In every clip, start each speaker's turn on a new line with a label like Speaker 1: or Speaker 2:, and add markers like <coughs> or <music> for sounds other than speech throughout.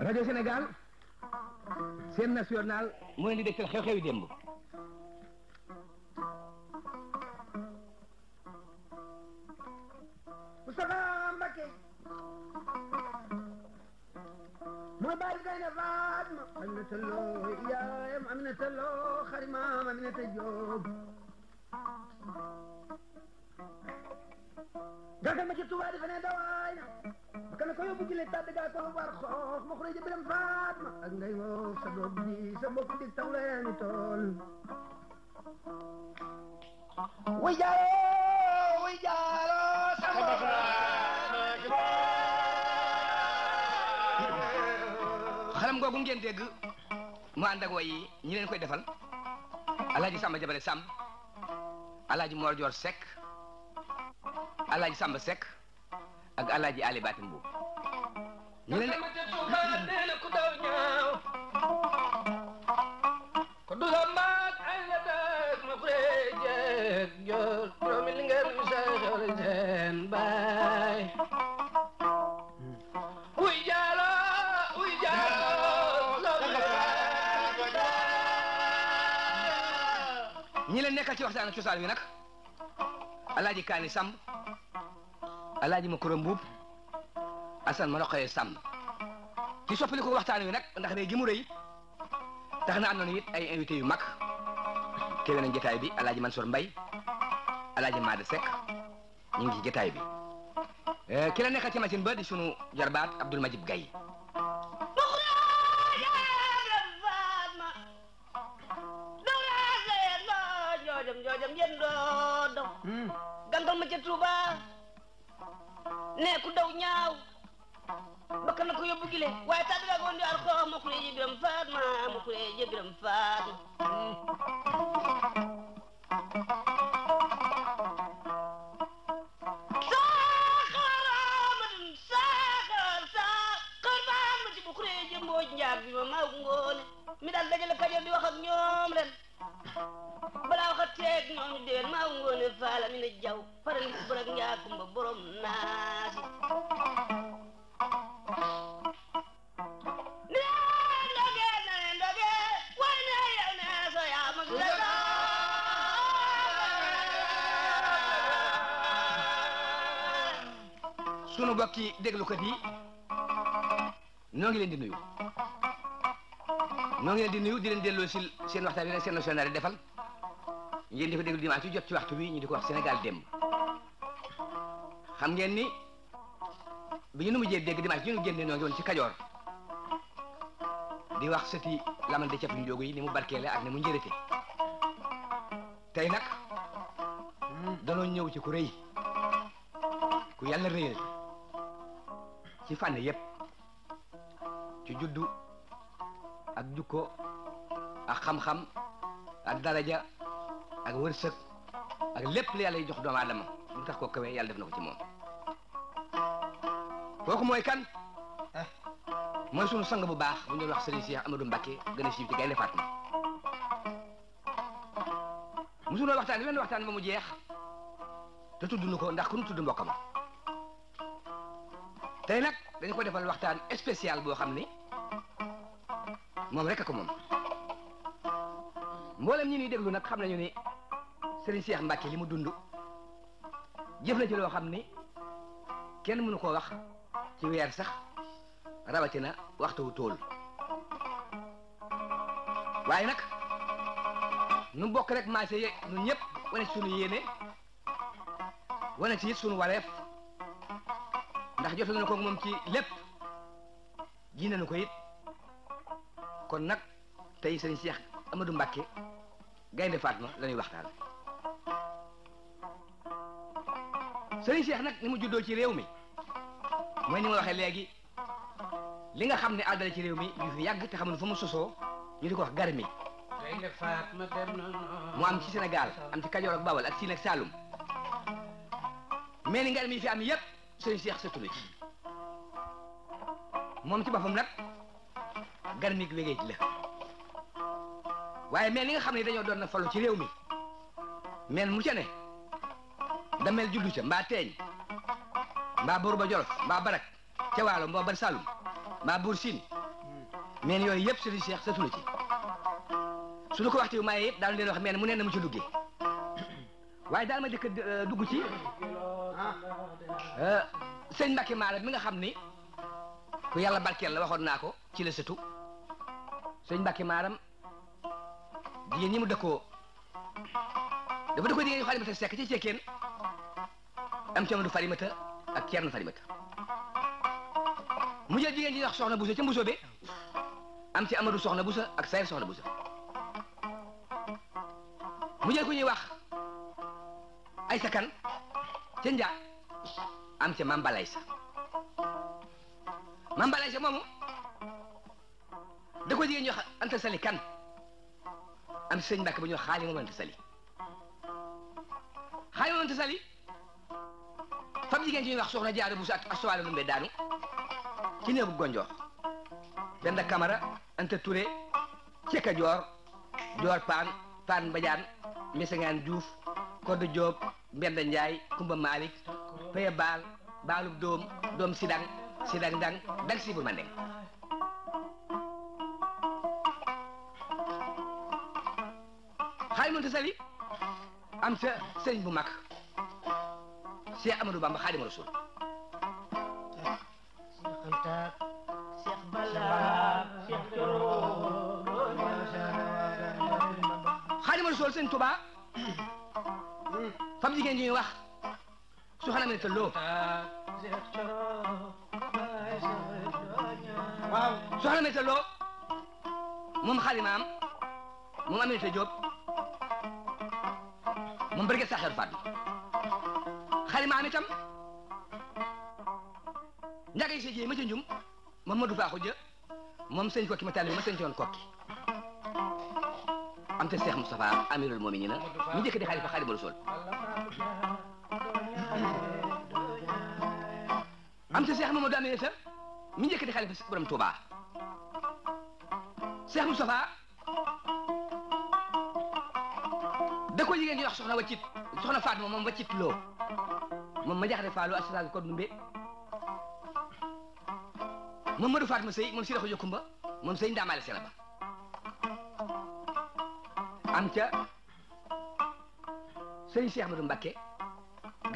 Speaker 1: Radio Senegal, Cien Nacional. Muy bien, director Jorge Villembo.
Speaker 2: ci taw leen tool wi
Speaker 3: jaaro wi
Speaker 4: jaaro
Speaker 1: xalam googu ngeen dégg mu ànd ak way yi ñi leen koy defal alaaji sàmba jabale sàmm alaaji moor joor sekk alaaji sàmba sekk ak ali leen waxtaanu cosaan wi nag alaaji kaani sàmb alaaji ma kura mbuub asan ma roqoyee sàmb ci soppali ko wi nag ndax rëy gi mu rëy tax na am ay invité yu mag teewe nañ jotaay bi alaaji Mansour Mbay alaaji Maada Seck ñu ngi ci jotaay bi eh, ki la nekkal ci machine jarbaat Abdoul Majib Gaye non ngi di nuyu di leen delloo si seen waxtaan yi nag seen national yi defal ngeen di ko déglu dimanche jot ci waxtu bi ñu di ko wax Sénégal démb xam ngeen ni bi ñu nu mujjee dégg dimanche ñu génne ngi woon ci Kajoor di wax sëti lamal de cappi njóogu yi ni mu barkeele ak ni mu njërite tey nag danoo ñëw ci ku rëy ku yàlla rëyal ci fànn yépp ci juddu ak jukko ak xam-xam ak daraja ak wërsëg ak lépp li yàlla yi jox doomu aadama lu tax koo kawe yàlla def na ko ci moom kooku mooy kan ah. mooy sunu sang bu baax bu ñu wax Serigne Cheikh Amadou Mbacké gën a siiw ci Gaynde Fatma musu noo waxtaan wenn waxtaan ba mu jeex te tudd nu ko ndax ku nu tudd mbokkam tey nag dañu ko defal waxtaan spécial boo xam ni moom rek a ko moom mboolem ñi ñuy déglu nag xam nañu ni Serigne Cheikh Mbacke li mu dund jëf na ci loo xam ni kenn mënu ko wax ci weer sax rawatina waxtu wu tool waaye nag nu bokk rek marché yi ñun ñëpp wane ci sunu yéene wane ci it sunu wareef ndax jotoon na ko moom ci lépp ji nañu ko it kon nag tey sëriñ seex Amadou Mbacke Gaynde Fatma la ñuy waxtaan sëriñ Cheikh nag ni mu juddoo ci réew mi mooy ni ma waxee léegi li nga xam ne àddala ci réew mi yu fi yàgg te xam ne fa mu sosoo ñu di ko wax garmi mu am ci Sénégal am ci Kajoor ak Bawol ak Siin ak Saalum mais ni garmi yi fi am yépp sëriñ Cheikh sëttu na ci moom ci boppam nag garmik gi liggéey la waye mel yi nga xamni dañu dañoo doon na falu ci réew mi mel mu ca ne mel juddu ci mba teeñ mba buur ba jolof mbaa barak ci walu mba bar saalum mba bursin mel yoy yep ci sëriñ Cheikh satula ci suñu ko waxtu maye yep dal leen wax mel mu ne na mu ci duggé <coughs> waye dal ma dëkk euh, dugg ci euh, sëñ Mbacke Maala mi nga xamni ko yalla barkel la waxon nako ci le setu sëñ Mbàkke Maaram jigéen ñi mu dëkkoo dafa dëkkoo jigéen ñu Farimata Sekk ci cekkeen am Ceerno Farimata ak Ceerno Farimata mu jël jigéen ñi wax soxna Buso ca Mbuso be am ci Amadu soxna Buso ak Sayir soxna Buso mu jël ku ñuy wax ay sa kan ca am ca Mambalaay sa Mambalaay sa moomu ko di ñu sali kan am señ Mbàkke bu ñu xali mo moom sali xali mo anta sali fam gën ci wax soxna jaaru bu ak astuwaale mu mbee daanu ci neub gonjo benda kamara anta Touré pan pan joor paan paan mbajaan mesengaan juuf do job benda njaay kumba malik paye bal balu dom dom sidang sidang dang dang sibul mandeng mënta sali am sa sëriñ bu mag Cheikh Amadou Bamba Xaadimu Rasuul Xaadimu Rasuul sëriñ Tuubaa fam jigéen ñuy wax su xanaa mel te loo waaw su xanaa mel te loo moom xaalimaam moom amee te Jóob memberi sahar badu. Kali mami tam, njaga isi jee majunjum, Mamadou Ba xuja, moom sëñ kokki ma taalibe ma sëñ coon kokki. am te Cheikh Moustapha amirul mu'minina mi njëkk di xalifa Xaadimu Rasuul am te Cheikh Mamadou Aminata mi njëkk di xalifa borom Touba Cheikh Moustapha da ko jigéen di wax soxna waccit soxna Fatma moom waccit loo moom ma jaxate faalu assurance code numbe moom Madou Fatma sëy moom si raxo jokumba moom sëy ndaamaale sena ba am ca sëriñ Cheikh Ahmadou Mbacké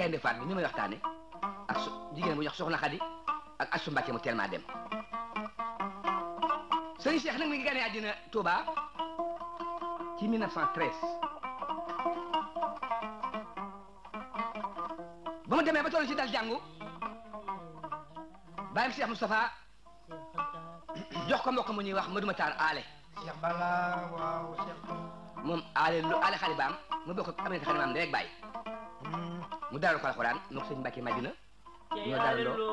Speaker 1: gaynde Fatma mi may waxtaane ak su jigéen bu jox soxna Xadi ak Asu Mbacké mu tellement dem sëriñ Cheikh nag mi ngi gane àddina Touba ci 1913 mu demee ba toll ci dal jàngu bayam Cheikh Moustapha jox ko mbokk mu ñuy wax Maduma Taal alé
Speaker 2: Cheikh Bala waaw Cheikh
Speaker 1: moom aale lu alé khalibam mu bokk ak Aminata khalibam maam rek bay mu daaru ko alxuraan mu ko sëñ Mbàkke Madina ñoo dalloo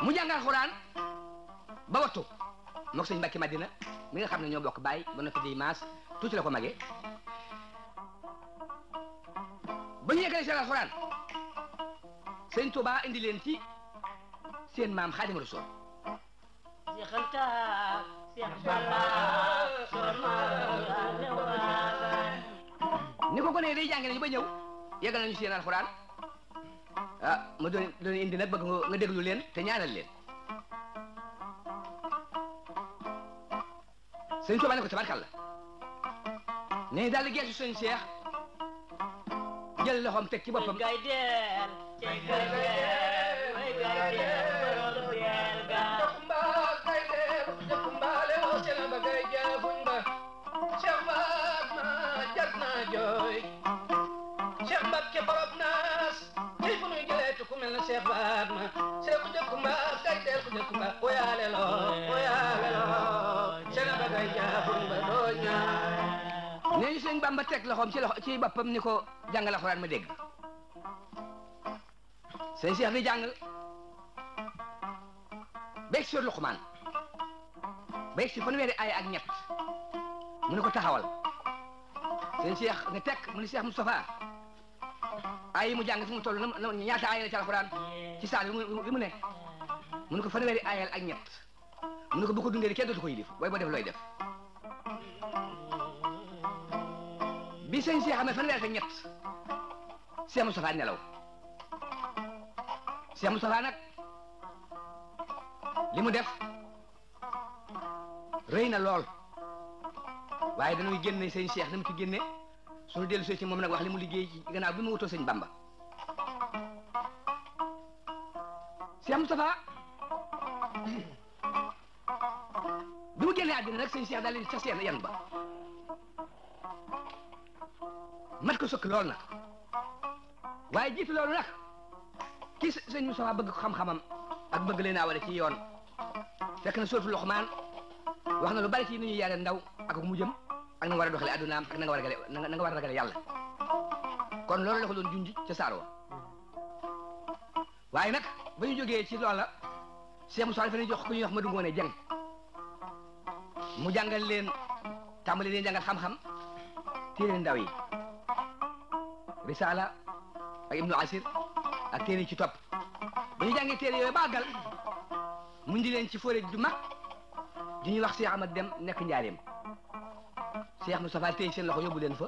Speaker 1: mu jàngal alxuraan ba wattu mu seigne sëñ Madina mi nga xam ne ñoo bokk bàyyi ba noppi di mass tuti la ko magee ba ñu yeggalee seen alxuraan sëñ Touba indi len ci seen maam Xaadimu Rasuul ni ko ne day jangale ñu ba ñew yégal nañu seen alcorane ah ma do doon indi nak bëgg nga déglu len té ñaanal leen sëñ Touba ne ko tabarkàlla ne daal Cheikh jël qui va loxoom ci loxo ci boppam ni ko jàngal alxuraan ma dégg sëñ Cheikh di jàng beeg sur Luqmaan beeg si fanweeri ay ak ñett mu ne ko taxawal sëñ Cheikh ne tekk mu ne Cheikh Moustapha ay mu jàng fi mu toll na ñaata ay la ci alxuraan ci saar li mu ne mu ne ko fanweeri ayal ak ñett mu ne ko bu ko dundee kenn ko yilif booy boo def looy def bi sëñ si xamee fanweer ak ñett Cheikh Moustapha nelaw Cheikh Moustapha nag li mu def rëy na lool waaye dañuy génne sëñ seex ni mu ci génne suñu dellu see ci moom nag wax li mu liggéey ci gannaaw bi mu wutoo sëñ Bamba Cheikh Moustapha bi mu génnee àddina nag sëñ seex daal di ca seen yan mat ko sëkk loolu nag waaye jiitu loolu nag ki sëñ Moussa bëgg xam-xamam ak bëgg leen a ci yoon fekk na sóotu Luqmaan wax na lu bari ci ni ñuy yaare ndaw ak mu jëm ak na war a doxalee addunaam ak na nga war a gale na nga yàlla kon loolu la ko doon junj ca saaro waaye nag ba ñu jógee ci loola Cheikh Moussa dafa ne jox ku ñuy wax Madou Ngoné Dieng mu jàngal leen tàmbali leen jàngal xam-xam téere ndaw yi risaala ak ibnu asir ak téere ci top bu ñu jàngee téere yooyu bàggal mu ndi leen ci fóore du mag di ñu wax Cheikh Ahmad Dem nekk njaareem Cheikh Moustapha tey seen loxo yóbbu leen fa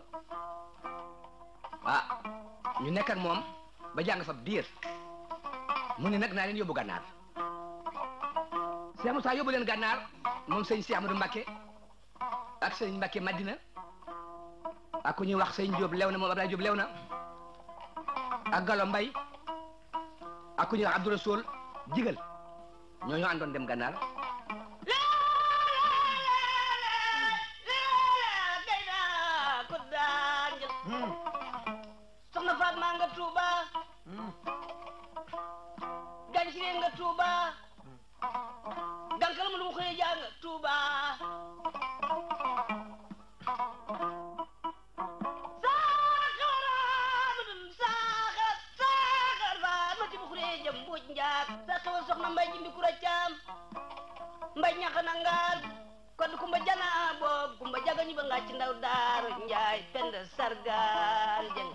Speaker 1: ah ñu nekk ak moom ba jàng fa biir mu ne nag naa leen yóbbu gànnaar Cheikh Moustapha yóbbu leen gànnaar moom sëñ Cheikh amadou Mbacké ak sëñ Mbacké Madina ak ku ñuy wax sëñ Diop lew na moom Abdoulaye Diop lew na ak Galo Mbay ak ku ñuy Abdou Rasoul jigal ñoo ñu andon dem gannaal soxna Fatma fanangaal kon kumba jana boob kumba jagañu ba
Speaker 4: nga ci ndaw daaru njaay pend sargaal jëng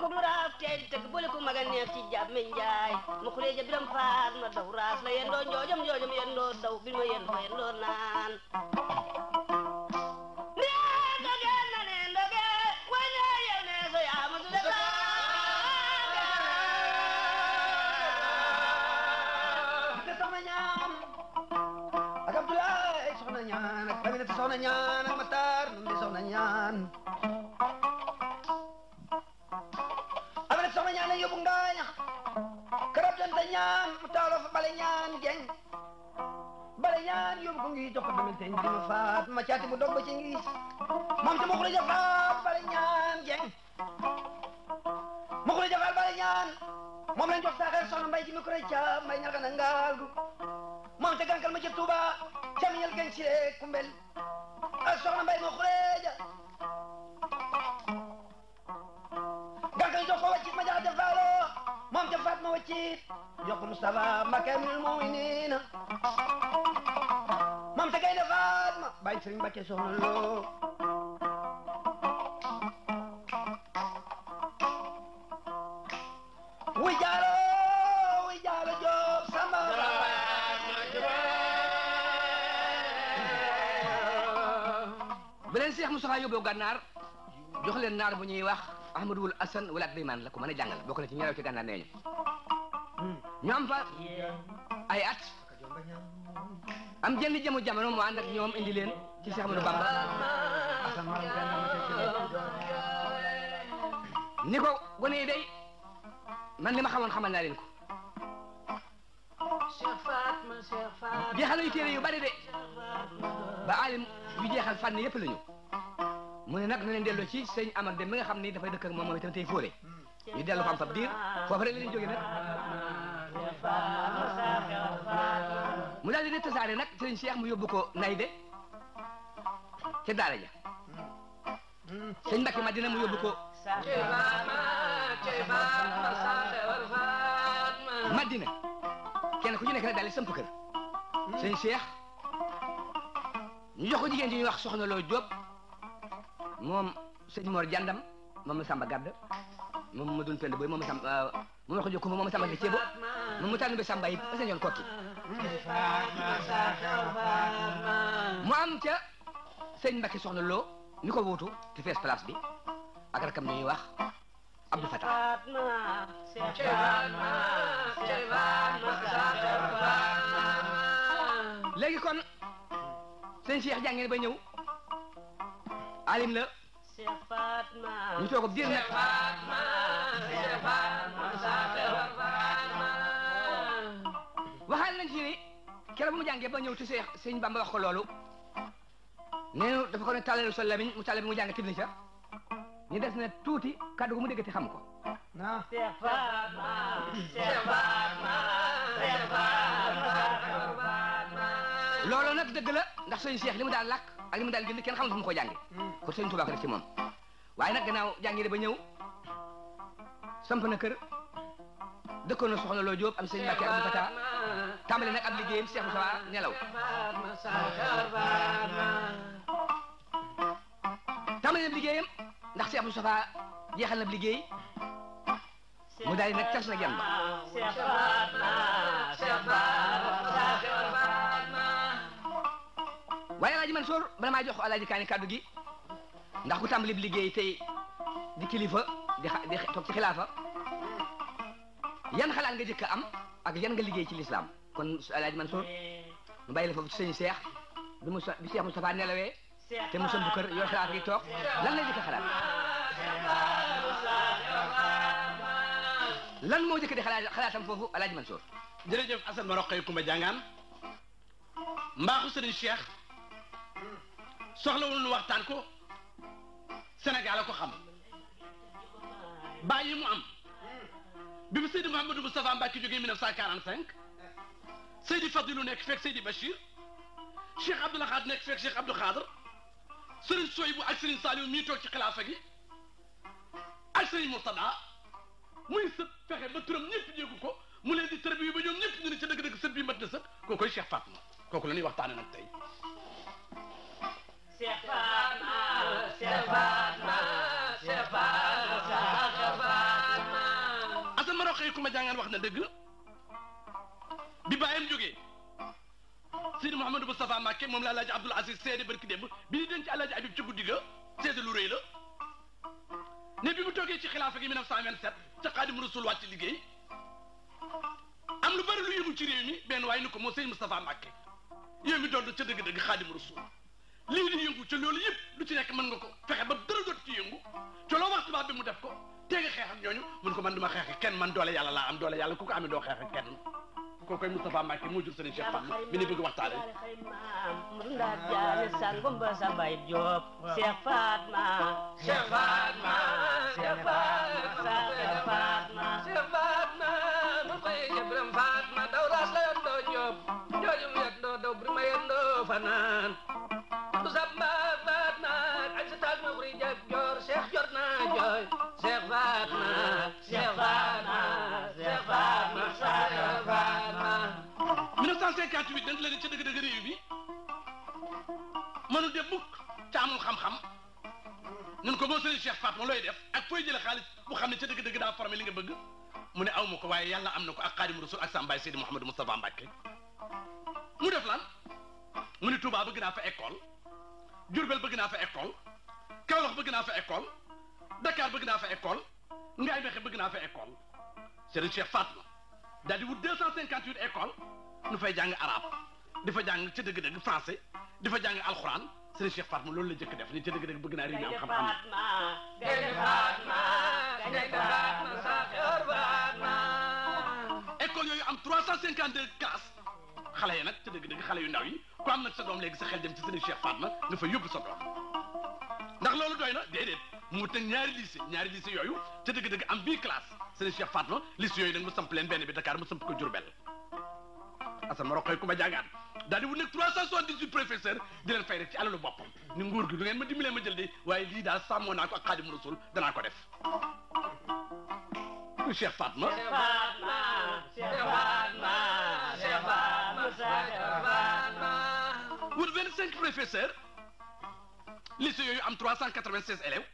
Speaker 4: ko mu raas tey di tëgg boole ko maga neex ci jàmm njaay ma ku ja biram faat ma daw raas la yendoo njoojam njoojam yendoo daw bir ma yendoo yendoo naan
Speaker 1: sëñ bi faat ma caati bu dog ba ci ngiis moom ci muxuri ja faat bale ñaan jeng muxuri ja faat bale ñaan moom lañ jox saaxee soxna mbay ji mi ko ca mbay ñal kana ngaal gu moom ca gànkal ma ci tuuba ca mi ñal gañ ci kumbel ak soxna mbay muxuri ja gànkal jox ko waccit ma jaxate faalo moom ca faat ma waccit jox ko Mustafa Mbakke mul muminina ak sëriñ Mbàkke soxna loo wuy jaalo
Speaker 4: wuy jaalo joob sama ba
Speaker 1: leen Seex Musaa yóbboo jox leen naar bu ñuy wax Ahmadul Asan wala Deymaan la ko mën a jàngal bokk na ci ñëw ci gànnaar nee ñu ñu fa ay at am jenn jëmu jamono mu ànd ak ñoom indi ci cheikh amadou bamba asan waram ganna ma ci ni ko gone day man li ma xamal naa leen ko
Speaker 2: jeexal nañu téere yu bari de
Speaker 1: ba alim yu jeexal fànn yépp lañu mu ne na leen delloo ci sëñ amar dem mi nga xam ni dafay dëkk ak moom moom itam tey ñu rek mu di cheikh mu ko nay ca daara ja mm. sëñ Mbacke Madina mu yóbbu ko Madina kenn ku ci nekk rek daal di samp kër sëñ Cheikh ñu jox ko ji wax soxna Loo Jóob moom sëñ Mor Jandam moom ma Samba Gadd moom ma doon pend boy moom ma Samba euh, moom ma moom ma Samba Gacebo moom mu tànn bi Samba yi kokki mu ca sëñ Mbacke soxna lo ñu ko wuutu te place bi ak rakam ñuy wax Abdou Fatah legi kon sëñ Cheikh jangene ba ñew alim la
Speaker 2: ñu toog ab diir nag
Speaker 1: waxaal nañ ci ni kéro bu mu jàngee ba ñëw ci Cheikh Bamba wax ko loolu neenu dafa ko ne tàllal sa lamiñ mu tàllal bi mu jàng tibli ca ñu des na tuuti kàddu gu mu déggati xam ko ah nag dëgg la ndax sëñ Cheikh li mu daal làkk ak li mu daan bind kenn xamul fu mu ko jànge hmm. ko sëñ Tuubaa ko def ci moom waaye nag gannaaw jàngi ba ñëw samp na kër dëkkoon na soxna loo Jóob am sëñ Mbàkke Abdou Fatah tàmbali nag ab liggéeyam Cheikh Moussa nelaw na liggéeyam ndax Cheikh Moustapha jeexal na liggéey mu daal di nag cas nag yam ba waaye alaaji Mansour bala maa jox ko alaaji Kaani kàddu gi ndax ku tàmbali liggéey tey di kilifa di di toog ci xilaafa yan xalaat nga jëkk am ak yan nga liggéey ci lislaam kon alaaji Mansour mu bàyyi la foofu ci sëñ Cheikh bi mu bi Cheikh Moustapha nelawee te mosam bu kër yor xalaat yi toog lan lay jëkk xalaat lan moo jëkk di xalaat xalaatam foofu alaaji Mansour jërëjëf Assane ma roqee Kumba jàngaan mbaaxu
Speaker 5: sëriñ Cheikh soxlawul nu waxtaan ko Sénégal a ko xam bàyyi mu am bi mu Seydi Mouhamadou Moustapha Mbacke jógee 1945 Seydi Fadilou nekk fekk Seydi Bachir Cheikh Abdoul Ahad nekk fekk Cheikh Abdou Khadre Serigne Soybu ak Serigne Saliou mii toog ci xilaafa gi ak Serigne Murtada muy sët fexe ba turam ñëpp jéegu ko mu leen di tërbi ba ñoom ñëpp ñu ne ca dëgg-dëgg sët bi mat na sët kooku Cheikh Fatma kooku la ñuy waxtaane nag tey
Speaker 4: Cheikh Fatma Cheikh Fatma
Speaker 5: Cheikh Fatma asan ma roqee ku ma jàngaan wax na dëgg bi bàyyam jógee Seydi Mouhamadou Moustapha Mbacké moom la alaaji Abdoul Aziz seede barki démb bi ñu denc alaaji Habib ci guddi ga seede lu rëy la ne mu toogee ci xilaafa gi 1927 ca Xaadim Rasul wàcc liggéey am lu bari lu yëngu ci réew mi benn waaye ni ko moo Seydi Moustapha Mbacké yow mi doon ca dëgg-dëgg Xaadim Rasul lii di yëngu ca loolu yëpp lu ci nekk mën nga ko fexe ba dara jot ci yëngu ca loo wax tubaab bi mu def ko tee nga xeex ak ñooñu mun ko man duma xeex ak kenn man doole yàlla laa am doole yàlla ku kokoy Moustapha mbacke mo jur sene Cheikh Fall mi ni bëgg waxtaane
Speaker 4: nda jaani san
Speaker 2: gumba sa bay job Cheikh Fatma Cheikh Fatma Cheikh Fatma Cheikh Fatma Cheikh Fatma mo fay jebram Fatma daw ras la do job jojum yak do daw brima do fanan Tusamba Fatma ak sa tag mo buri jak jor Cheikh jor na joy Cheikh Fatma Cheikh Fatma
Speaker 5: 158 dañ la ci deug deug rew bi mënu de bukk te amul xam-xam ñun ko boo sëriñ Cheikh mo lay def ak fay jël xaalis bu xam ci deug deug da formé li nga bëgg mu ne aw ma ko waaye yàlla am ko ak Xaadim Rasul ak sambay Seydi Mouhamadou Moustapha Mbacke mu def lan mu ne Touba bëgg na fa école djourbel bëgg na fa école Kaolack bëgg na fa école Dakar bëgg na fa école Ngaye Mexe bëgg na fa école sëriñ Cheikh fat daal di wut 258 école nu fay jàng arab di fa jàng ci dëgg-dëgg français di fa jàng alxuraan sëriñ Cheikh Fatma loolu la jëkk def ni ci dëgg-dëgg bëgg naa réew mi am xam-xam école yooyu am trois cent cinquante deux classes xale yi nag ci dëgg-dëgg xale yu ndaw yi ku am nag sa doom léegi sa xel dem ci sëriñ Cheikh Fatma nga fa yóbbu sa doom ndax loolu doy na déedéet mu teg ñaari lycée ñaari lycée yooyu ca dëgg-dëgg am bii classe sëriñ Cheikh Fatma lycée yooyu nag mu bi Dakar mu samp ko Diourbel Assane ma roqee ku ma jàngaat daal di wut nag trois cent soixante-dix-huit professeur di leen fay rek ci alalu boppam ni nguur gi lu ngeen ma dimbalee ma jël de waaye lii daal sàmmoo naa ko ak Xaadimu Rasuul danaa ko def Cheikh Fatma Cheikh Fatma
Speaker 4: Cheikh Fatma Cheikh Fatma
Speaker 5: wut vingt cinq professeurs lycée yooyu am trois cent quatre-vingt-seize élèves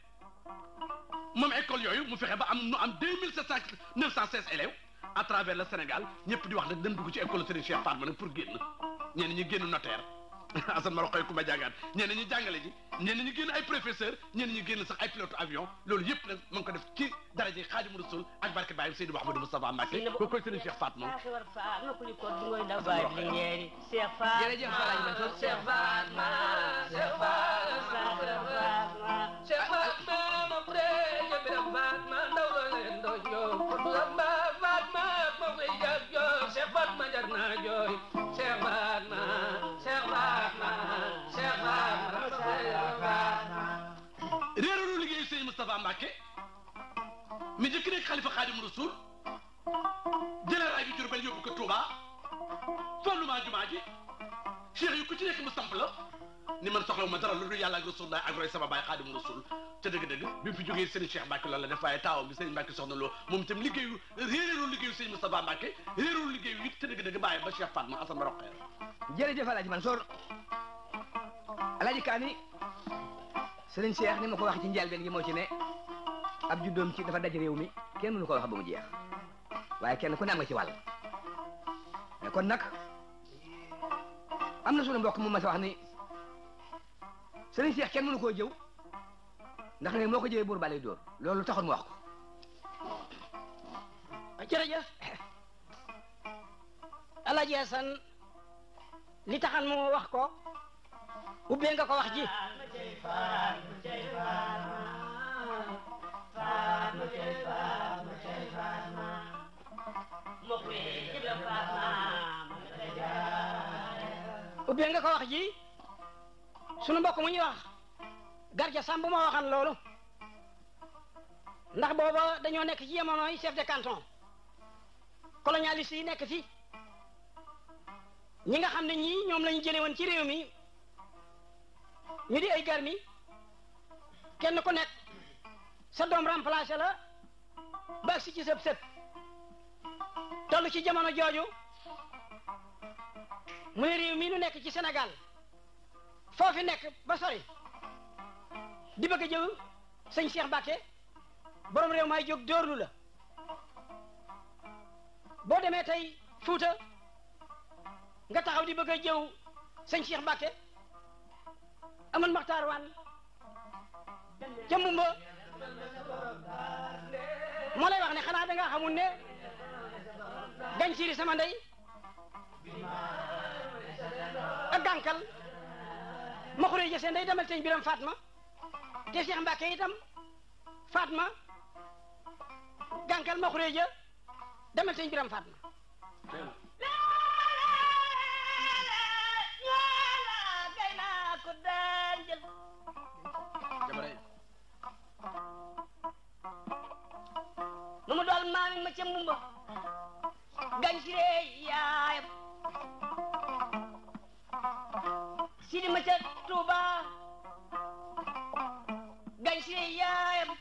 Speaker 5: moom école yooyu mu fexe ba am nu am deux mille sept cent neuf cent seize élèves à travers le Sénégal ñëpp di wax nag dañ dugg ci école Serigne Cheikh Fatma nag pour génn ñenn ñi génn notaire Assane ma roqoy ku ma jàngaat ñenn ñi jàngale ji ñenn ñi génn ay professeur ñenn ñi génn sax ay pilote avion loolu yëpp nag ma ngi ko def ci daraje Xaadimu Rasuul ak barke Baye Seydou Mouhamadou Moustapha Mbacké ko koy Serigne Cheikh Fatma
Speaker 4: Cheikh Fatma
Speaker 5: Mbàkke mi njëkk nekk xalifa xaadim rasul jëlee raay bi Jurbel yóbbu ko Touba fondement jumaa ji cheikh yu ku ci nekk mu samp la ni man soxlawu ma dara lu dul yàlla ak rasulullah ak roy sama baay xaadim rasul te dëgg-dëgg bi mu fi jógee sëriñ Cheikh Mbàkke loolu la def waaye taawam bi sëriñ Mbàkke soxna loo moom itam liggéeyu réeréerul liggéeyu sëriñ Moustapha
Speaker 1: Mbàkke réeréerul liggéeyu it te dëgg-dëgg bàyyi ba Cheikh Fatma Assane Roqee jërëjëf Alaaji Mansour Alaaji Kaani sëriñ Cheikh ni ma ko wax ci njëlbeen gi moo ci ne ab juddoom ci dafa daj mi kenn mënu ko wax ba mu jeex waaye kenn ku ne am nga ci wàll kon nag am na sunu mbokk mu ma sa wax ni sëriñ Seex kenn mënu koo jëw ndax ne moo ko jëwee buur balay dóor loolu taxoon mu wax ko jërëjëf Alaaji Asan taxan mu wax ko ubbee nga ko wax ji ubbeel nga ko wax ji sunu mbokk mu ñuy wax garja sàmb ma waxan loolu ndax booba dañoo nekk ci chef de canton colonialiste yi nekk fi ñi nga xam ne ñii ñoom lañu jële woon ci réew mi ñu di ay garmi kenn ku nekk sa doom remplacé la bax ci sepp sët toll ci jamono joju mu ne réew mii nu nek ci senegal fofu nek ba sori di bëgg jëw Cheikh bakke borom rew may jog dorlu la bo demé tay fouta nga taxaw di bëgg a jëw Cheikh bakke amoon maktar wan jëmm moo lay wax ne xanaa da nga xamul ne gànciiri sama ndey ak gànkal ma xuree jësee ndey demal teñ biram Fatma te Cheikh Mbacke itam Fatma gànkal ma xuree jë demal teñ biram Fatma umma
Speaker 4: gancire yaayam sidi ma ca Tuuba gancire yaayam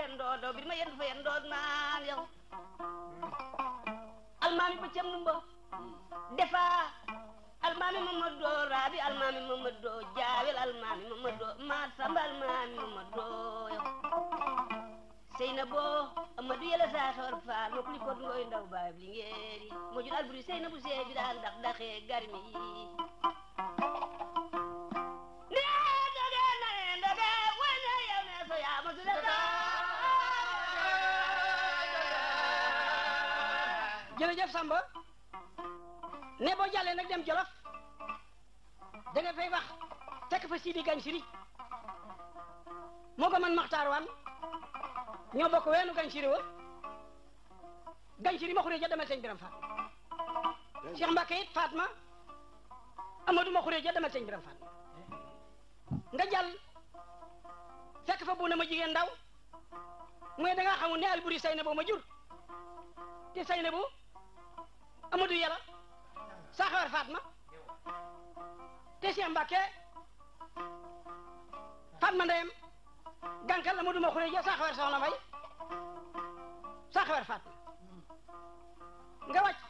Speaker 4: yendoo
Speaker 6: do bir ma yendu fa yendoon naan yow
Speaker 4: almaami ba cam numba defa almaami Mamadu Rabi almaami Mamadu Jaawel almaami Mamadu Maat Samba almaami Mamadu Seynabo Amadou Yela Sator Faal ma kuli koot ngooy ndaw baay bi lingeeri moo jur alburi Seynabu see bi daan dax daxee garmi
Speaker 1: jërëjëf Samba ne bo jalle nak dem jolof da nga fay wax tek fa Sidi Gañ Siri moko man maktar Waan ño bok wenu Gañ Siri wa Gañ Siri ma xuree ja demal seigne Biram fat Cheikh mbake it Fatma Amadou ma xuree ja demal seigne Biram fat nga jall fekk fa bu na ma jigen ndaw moy da nga xamul ne buri Sayna bo ma jur te Sayna bo Amadou yalla sahar Fatma tesi ambake Fatma dem gankal la mu duma xuree ja ya, soxna May Fatma nga wacc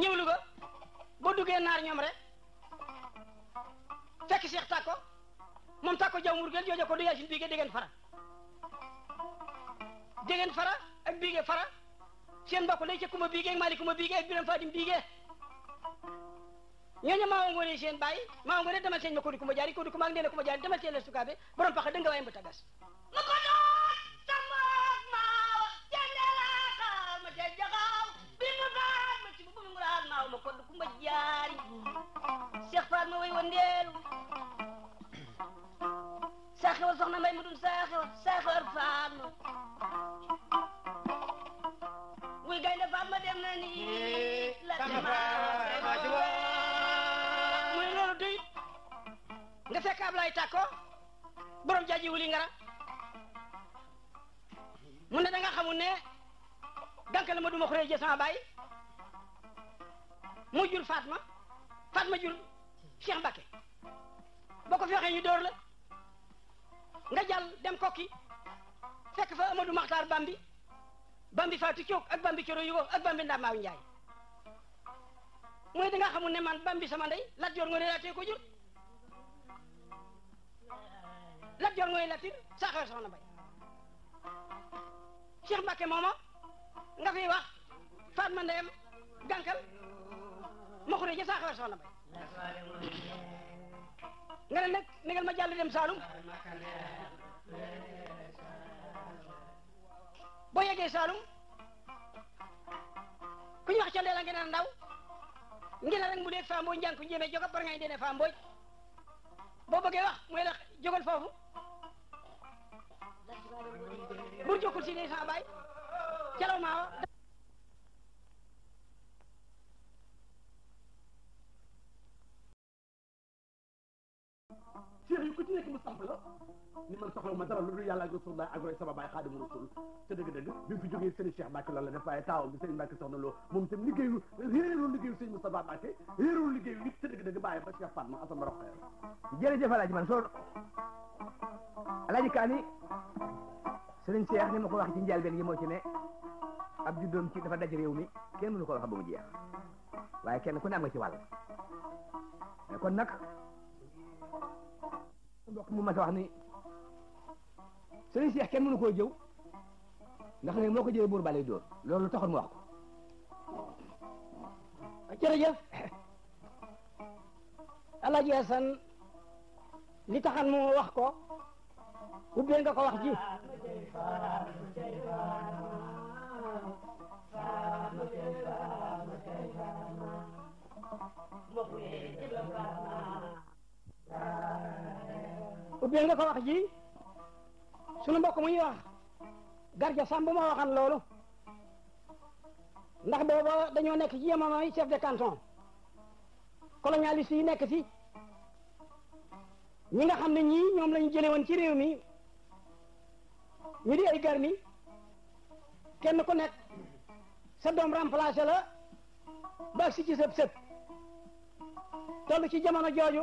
Speaker 1: ñewlu Louga bo duggé nar ñom rek fekk Cheikh Tako mom Tako jaw murgel jojo ko du fara degen fara ak biige fara seen mbokk lay ci kuma biige ak malikuma kuma biige ak Biram Fadim biige ñoña ma ngone sen bay ma ngone dama sen makodi kuma jari kudu kuma ngene kuma jari dama sen la sukabe borom pakha de nga ma
Speaker 4: jandala ka ma te ba ma ci bu ngura ma ma jari cheikh fat way wandelu saxe wa soxna may mudun
Speaker 1: wa nga fekk Ablaye tàkko borom jaaji wuli ngara mu ne da nga xamul ne la ma duma xuree sama bay mu jur Fatma Fatma jur Cheikh Mbacke boo ko fi ñu dóor la nga jàll dem kokki fekk fa Amadou Makhtar Bambi Bambi Fatou ciok ak Bambi Coro Yugo ak Bambi Ndamaaw Ndiaye mooy da nga xamul ne man Bambi sama ndey Lat Joor nga ne ko jur Lat Joor mooy latir saaxeer soxna bay Cheikh Mbacke mooma nga fi wax faat ma ndeyam gànkal ma xure ja saaxeer soxna bay nga ne nag négal ma jàll dem Saalum boo yeggee Saalum ku ñu wax ca leela ngena ndaw ngela rek mu deeg fa mbooj ku njéeme joga bar ngay dene fa mbooj boo bëggee wax mooy la jógal foofu bur jokkul si ne sa baay
Speaker 5: ni man soxlawu ma dara lu dul yàlla ak rasulullah ak roy sama baay xaadimu rasul te dëgg-dëgg bi mu fi jógee sëriñ Cheikh Mbacke loolu la def waaye taawam bi sëriñ Mbacke soxna loo moom itam liggéeyu réerul liggéeyu sëriñ Moustapha Mbacke réerul liggéeyu nit
Speaker 1: te dëgg-dëgg bàyyi ba Cheikh Fatma asama roqee jërëjëf alaaji man soo alaaji kaani sëriñ Cheikh ni ma ko wax ci njëlbeen yi moo ci ne ab juddoom ci dafa daj réew mi kenn mënu ko wax ba mu jeex waaye kenn ku ne am nga ci wàll sëriñ Cheikh kenn mënu koo jëw ndax léegi moo ko jëwee buur balay dóor loolu taxul mu wax ko jërëjëf Alaaji Asan li taxan moo wax ko ubbee nga ko wax ji sunu mbokk mu ñuy wax Garga Samb ma waxan loolu ndax booba dañoo nekk ci jamono yi chef de canton colonialiste yi nekk fi ñi nga xam ne ñii ñoom lañu jële woon ci réew mi ñu di ay garmi kenn ku nekk sa doom remplacé la ba si ci sëb sëb toll ci jamono jooju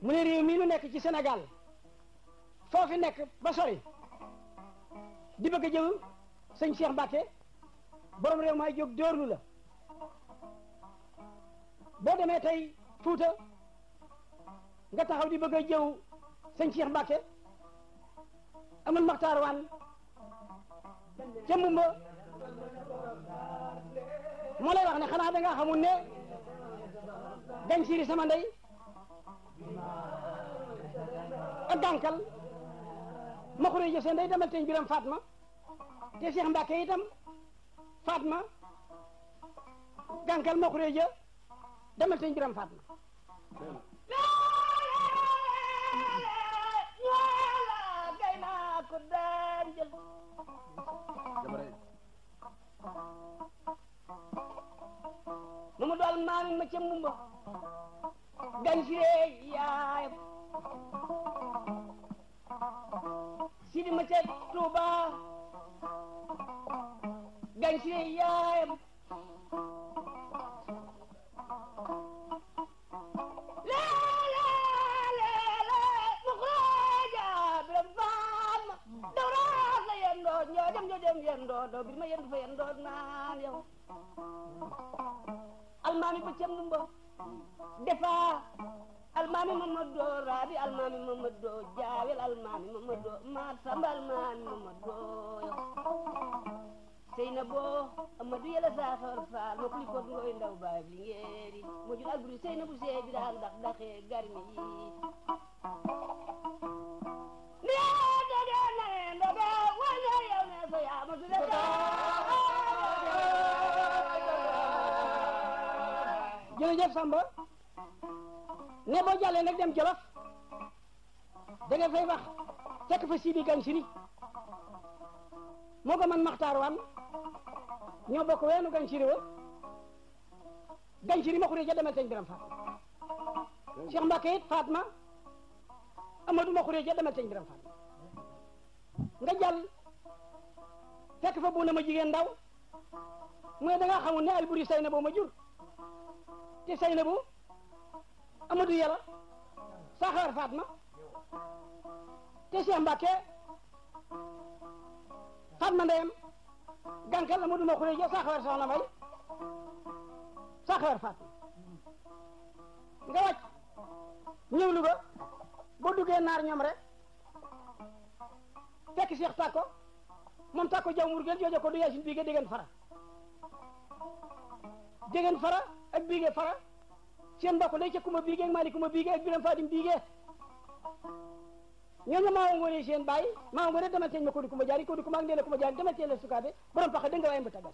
Speaker 1: mu ne réew mi lu nekk ci senegal fofu nek ba sori di bëgg jëw señ Cheikh mbacké borom réew may jog dóorlu la bo démé tay fouta nga taxaw di bëgg jëw señ Cheikh mbacké amul maktar waan ca Mbumba moo lay wax né xana da nga xamul ne gañ siiri sama ndey ak dankal ma xuree jëf seen day demal teñ biram Fatma te Cheikh Mbacke itam Fatma gànkal ma xuree jë demal teñ biram Fatma. nu mu dool maam ma ca mumba gan si yaayam sidi ma ca Tuuba gàncax yi yaayam
Speaker 4: dem yen doo doo bir ma yen du fa yen doo naan yow almaami ba cem numba defa
Speaker 1: almami mamado
Speaker 4: rabi almami mamado jawel almami mamado ma sambal man mamado seyna bo amadu yela sasor fal mokli ko ngo e ndaw baab li ngeri mo jul agru seyna bu bi dal ndax dakhe garmi ni da da na ndo ba wala na yaw na so ya mo da
Speaker 1: jërëjëf Samba ne boo jàllee nag dem Jolof da fay wax fekk fa Sidi Gansiri moo ko man Maxtaar Wan ñoo bokk weenu Gansiri wa Gansiri ma xuree ja demal sëñ Biram Faatma Cheikh Mbacke it Faatma Amadou ma xuree ja demal sëñ Biram Faatma nga jàll fekk fa buuna ma jigéen ndaw mu ne da ngaa xamul ne Alburi ma jur te Saynabu Amadou Yalla Saxar Fatma te Cheikh Mbacke Fatma ndeyam gankal Amadou Makhoureja Saxar Soxna May Saxar Fatma nga wacc ñew lu ba bo duggé nar ñom rek fekk Cheikh Tako mom Tako jaw murgel jojo ko du yasin bi ge degen fara degen fara ak bige fara seen bopp lay ca kuma biige ak mali kuma biige ak biram fadim biige ñooñu maa ngone seen bàyyi maa ngone demal seen ma ko du kuma jaari ko du kuma ak kuma jaari demal seen la sukaabe borom paxa dënga waay mbu sama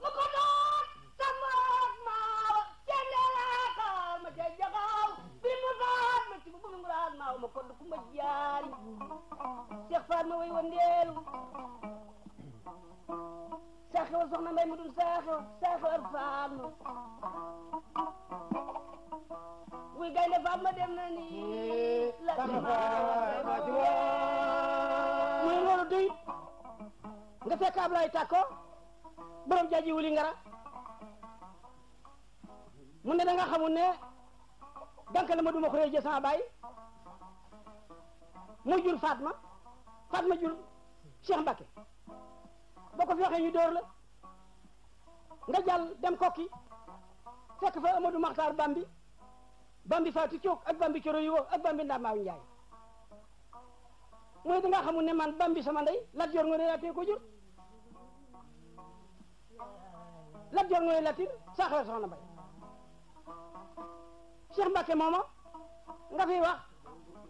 Speaker 1: ma ko
Speaker 4: doon tamaat maawa jëndalaaka ya ma ca jaxaaw bi mu faat ma ci bu bu nguraat maawa ma ko kuma jaari cheikh faat ma way wandeelu
Speaker 1: saaxewa soxna mbay mu dun saaxewa saaxewa kuy gaynde faam ma dem na nii la di ma juwa muy loolu duy nga fekk Ablaye Tako borom jaaji wuli ngara mu ne da nga xamul ne dankal ma duma ko reje sama baay mu jur Fatma Fatma jur Cheikh Mbacke boo ko fi waxee ñu dóor la nga jàll dem kokki fekk fa Amadou Makhtar Bambi bambi Fatou Diop ak bambi Coro Yuba ak bambi Ndamaaw Njaay mooy da nga ne man bambi sama ndey Lat Joor Ngoone Latiir ko jur Lat Joor Ngoone bay Cheikh Mbacke mooma nga fi wax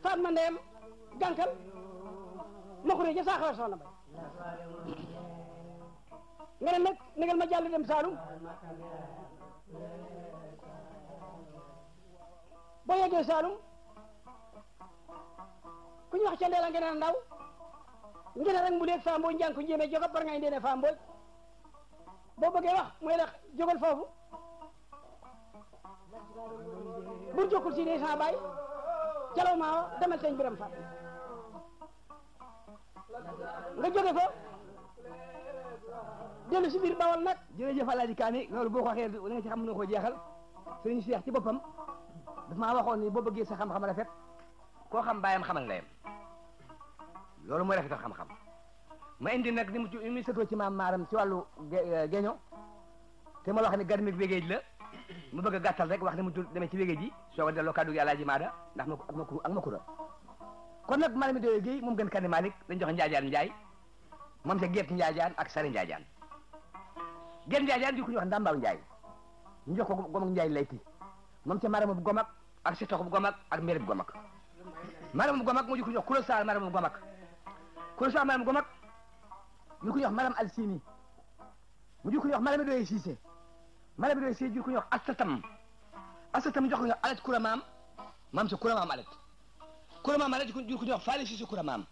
Speaker 1: Fatma ndeyam gànkal maxure ja saxar soxna bay nga ne nag nagal ma jàll dem Saalum boo yeggee Saalum ku ñu wax ca ndeela ngeen ndaw ngeen rek mu leeg fa mbooj njàng ko njéemee joga par ngay ndeene fa mbooj boo bëggee wax mooy la jógal foofu bu jokkul ci ne sa baay calaw maa demal sëñ biram fa nga jóge ko delu si biir bawal nag jërëjëf Alaaji Kaani loolu boo ko waxee la nga ci xam mën na koo jeexal sëriñ Cheikh ci boppam daf maa waxoon ni boo bëggee sa xam-xam rafet koo xam bàyyam xamal ndeyam loolu mooy rafetal xam-xam ma indi nag ni mu ci mu ci maam maaram ci wàllu euh, geño te ma wax ni garmik wégéej la mu bëgg a rek wax ni mu jur demee ci wégéej ji soo ko delloo kàddu gi alaaji maada ndax ma ak ma ak ma kura kon nag maanaam doyee géey moom gën kani malik dañ joxe njaajaan njaay moom sa geet njaajaan ak sari njaajaan geet njaajaan di ku ñu wax ndàmbaaw njaay ñu ko gomag njaay layti moom ca maaramub gomak bu sitoxub gomak ak merib gomak maaramub gomak mu ñu ko jox kulosaar maaramub gomak kulosaar gomak ko jox maram mu jur ko ñu wax maram doye siise maram doye siise jur ko ñu wax astatam astatam jox ko ñu wax alet kuramaam maam sa kuramaam alet kuramaam alet jur ko ñu wax faali siise kuramaam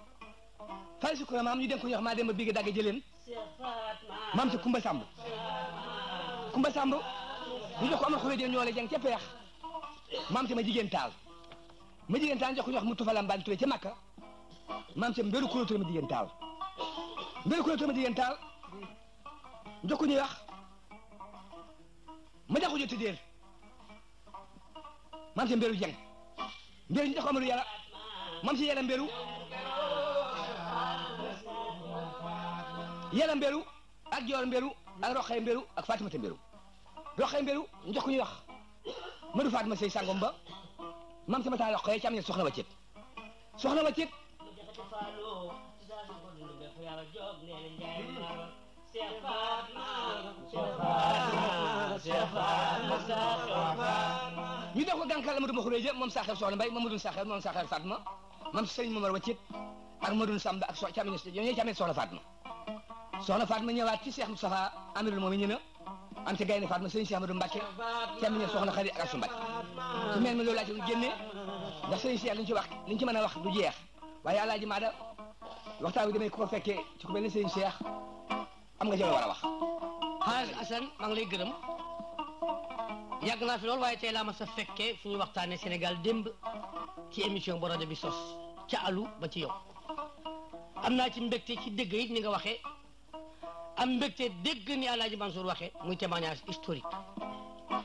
Speaker 1: faali siise kuramaam ñu dénk ko ñu wax maa dem ba biige dagge jëleen maam sa kumba samb kumba samb ñu jox ko amal xule jël ñoo la maam ca ma jigéen taal ma jigéen taal jox ko ñu wax mu tufala mbaan turé ca Makka maam ca mbéru kuréel turé ma jigéen taal mbéru kuréel turé ma jigéen taal jox ko ñuy ca mbéru jeng mbéru ñu jox ko amalu ca yàlla mbéru yàlla mbéru ak joor mbéru ak roxee mbéru ak fatimata mbéru ñu jox mënu Fatma sëy sangam ba mam sama taal xoyee ci am ne soxna wa cit soxna wa cit ñu def ko gànkal Amadou Makhourédia moom Saxeer Soxna Mbay Mamadou Saxeer moom Saxeer Fatma mam Sëriñ Momar Wacit ak Madoun Samba ak so càmmiñ ñooy càmmiñ Soxna Fatma Soxna Fatma ñëwaat ci Cheikh Moustapha Amirul Moominiina ante gaynde Fatma sëñ Cheikh Amadou Mbacke tem ne soxna xarit ak su Mbacke su mel ma loolu laa ci génne ndax sëñ Cheikh liñ ci wax liñ ci mën a wax du jeex waaye alaaji Maada waxtaan bi damay ko fekkee ci ku mel ne sëñ Cheikh am nga ci war a wax xaaj Assane maa ngi lay gërëm yàgg naa fi lool waaye tey laa ma sa fekkee fu ñuy waxtaanee senegal démb ci émission bu rajo bi sos ca alu ba ci yow am naa ci mbégte ci dégg yi ni nga waxee am mbégte dégg ni Alaaji Mansour waxee muy témoignage historique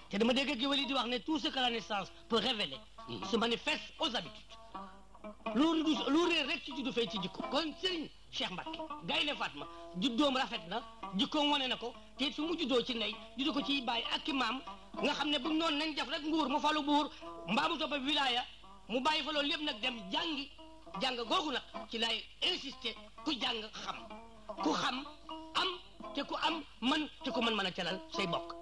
Speaker 1: te dama dégg gi wali di wax ne tout ce que la naissance peut révéler se manifeste aux habitudes loolu du réer rek ci juddu fay ci jikko kon Serigne Cheikh Mbacke Gaynde Fatma juddoom rafet na jikko wane na ko te fi mu juddoo ci ndey juddu ko ci bàyyi ak maam nga xam ne bu noonu nañ def rek nguur mu falu buur mbaa mu toppa wilaaya mu bàyyi fa loolu lépp nag dem jàngi jàng googu nag ci lay insister ku jàng xam ku xam am te am man te ku man mën a calal say bokk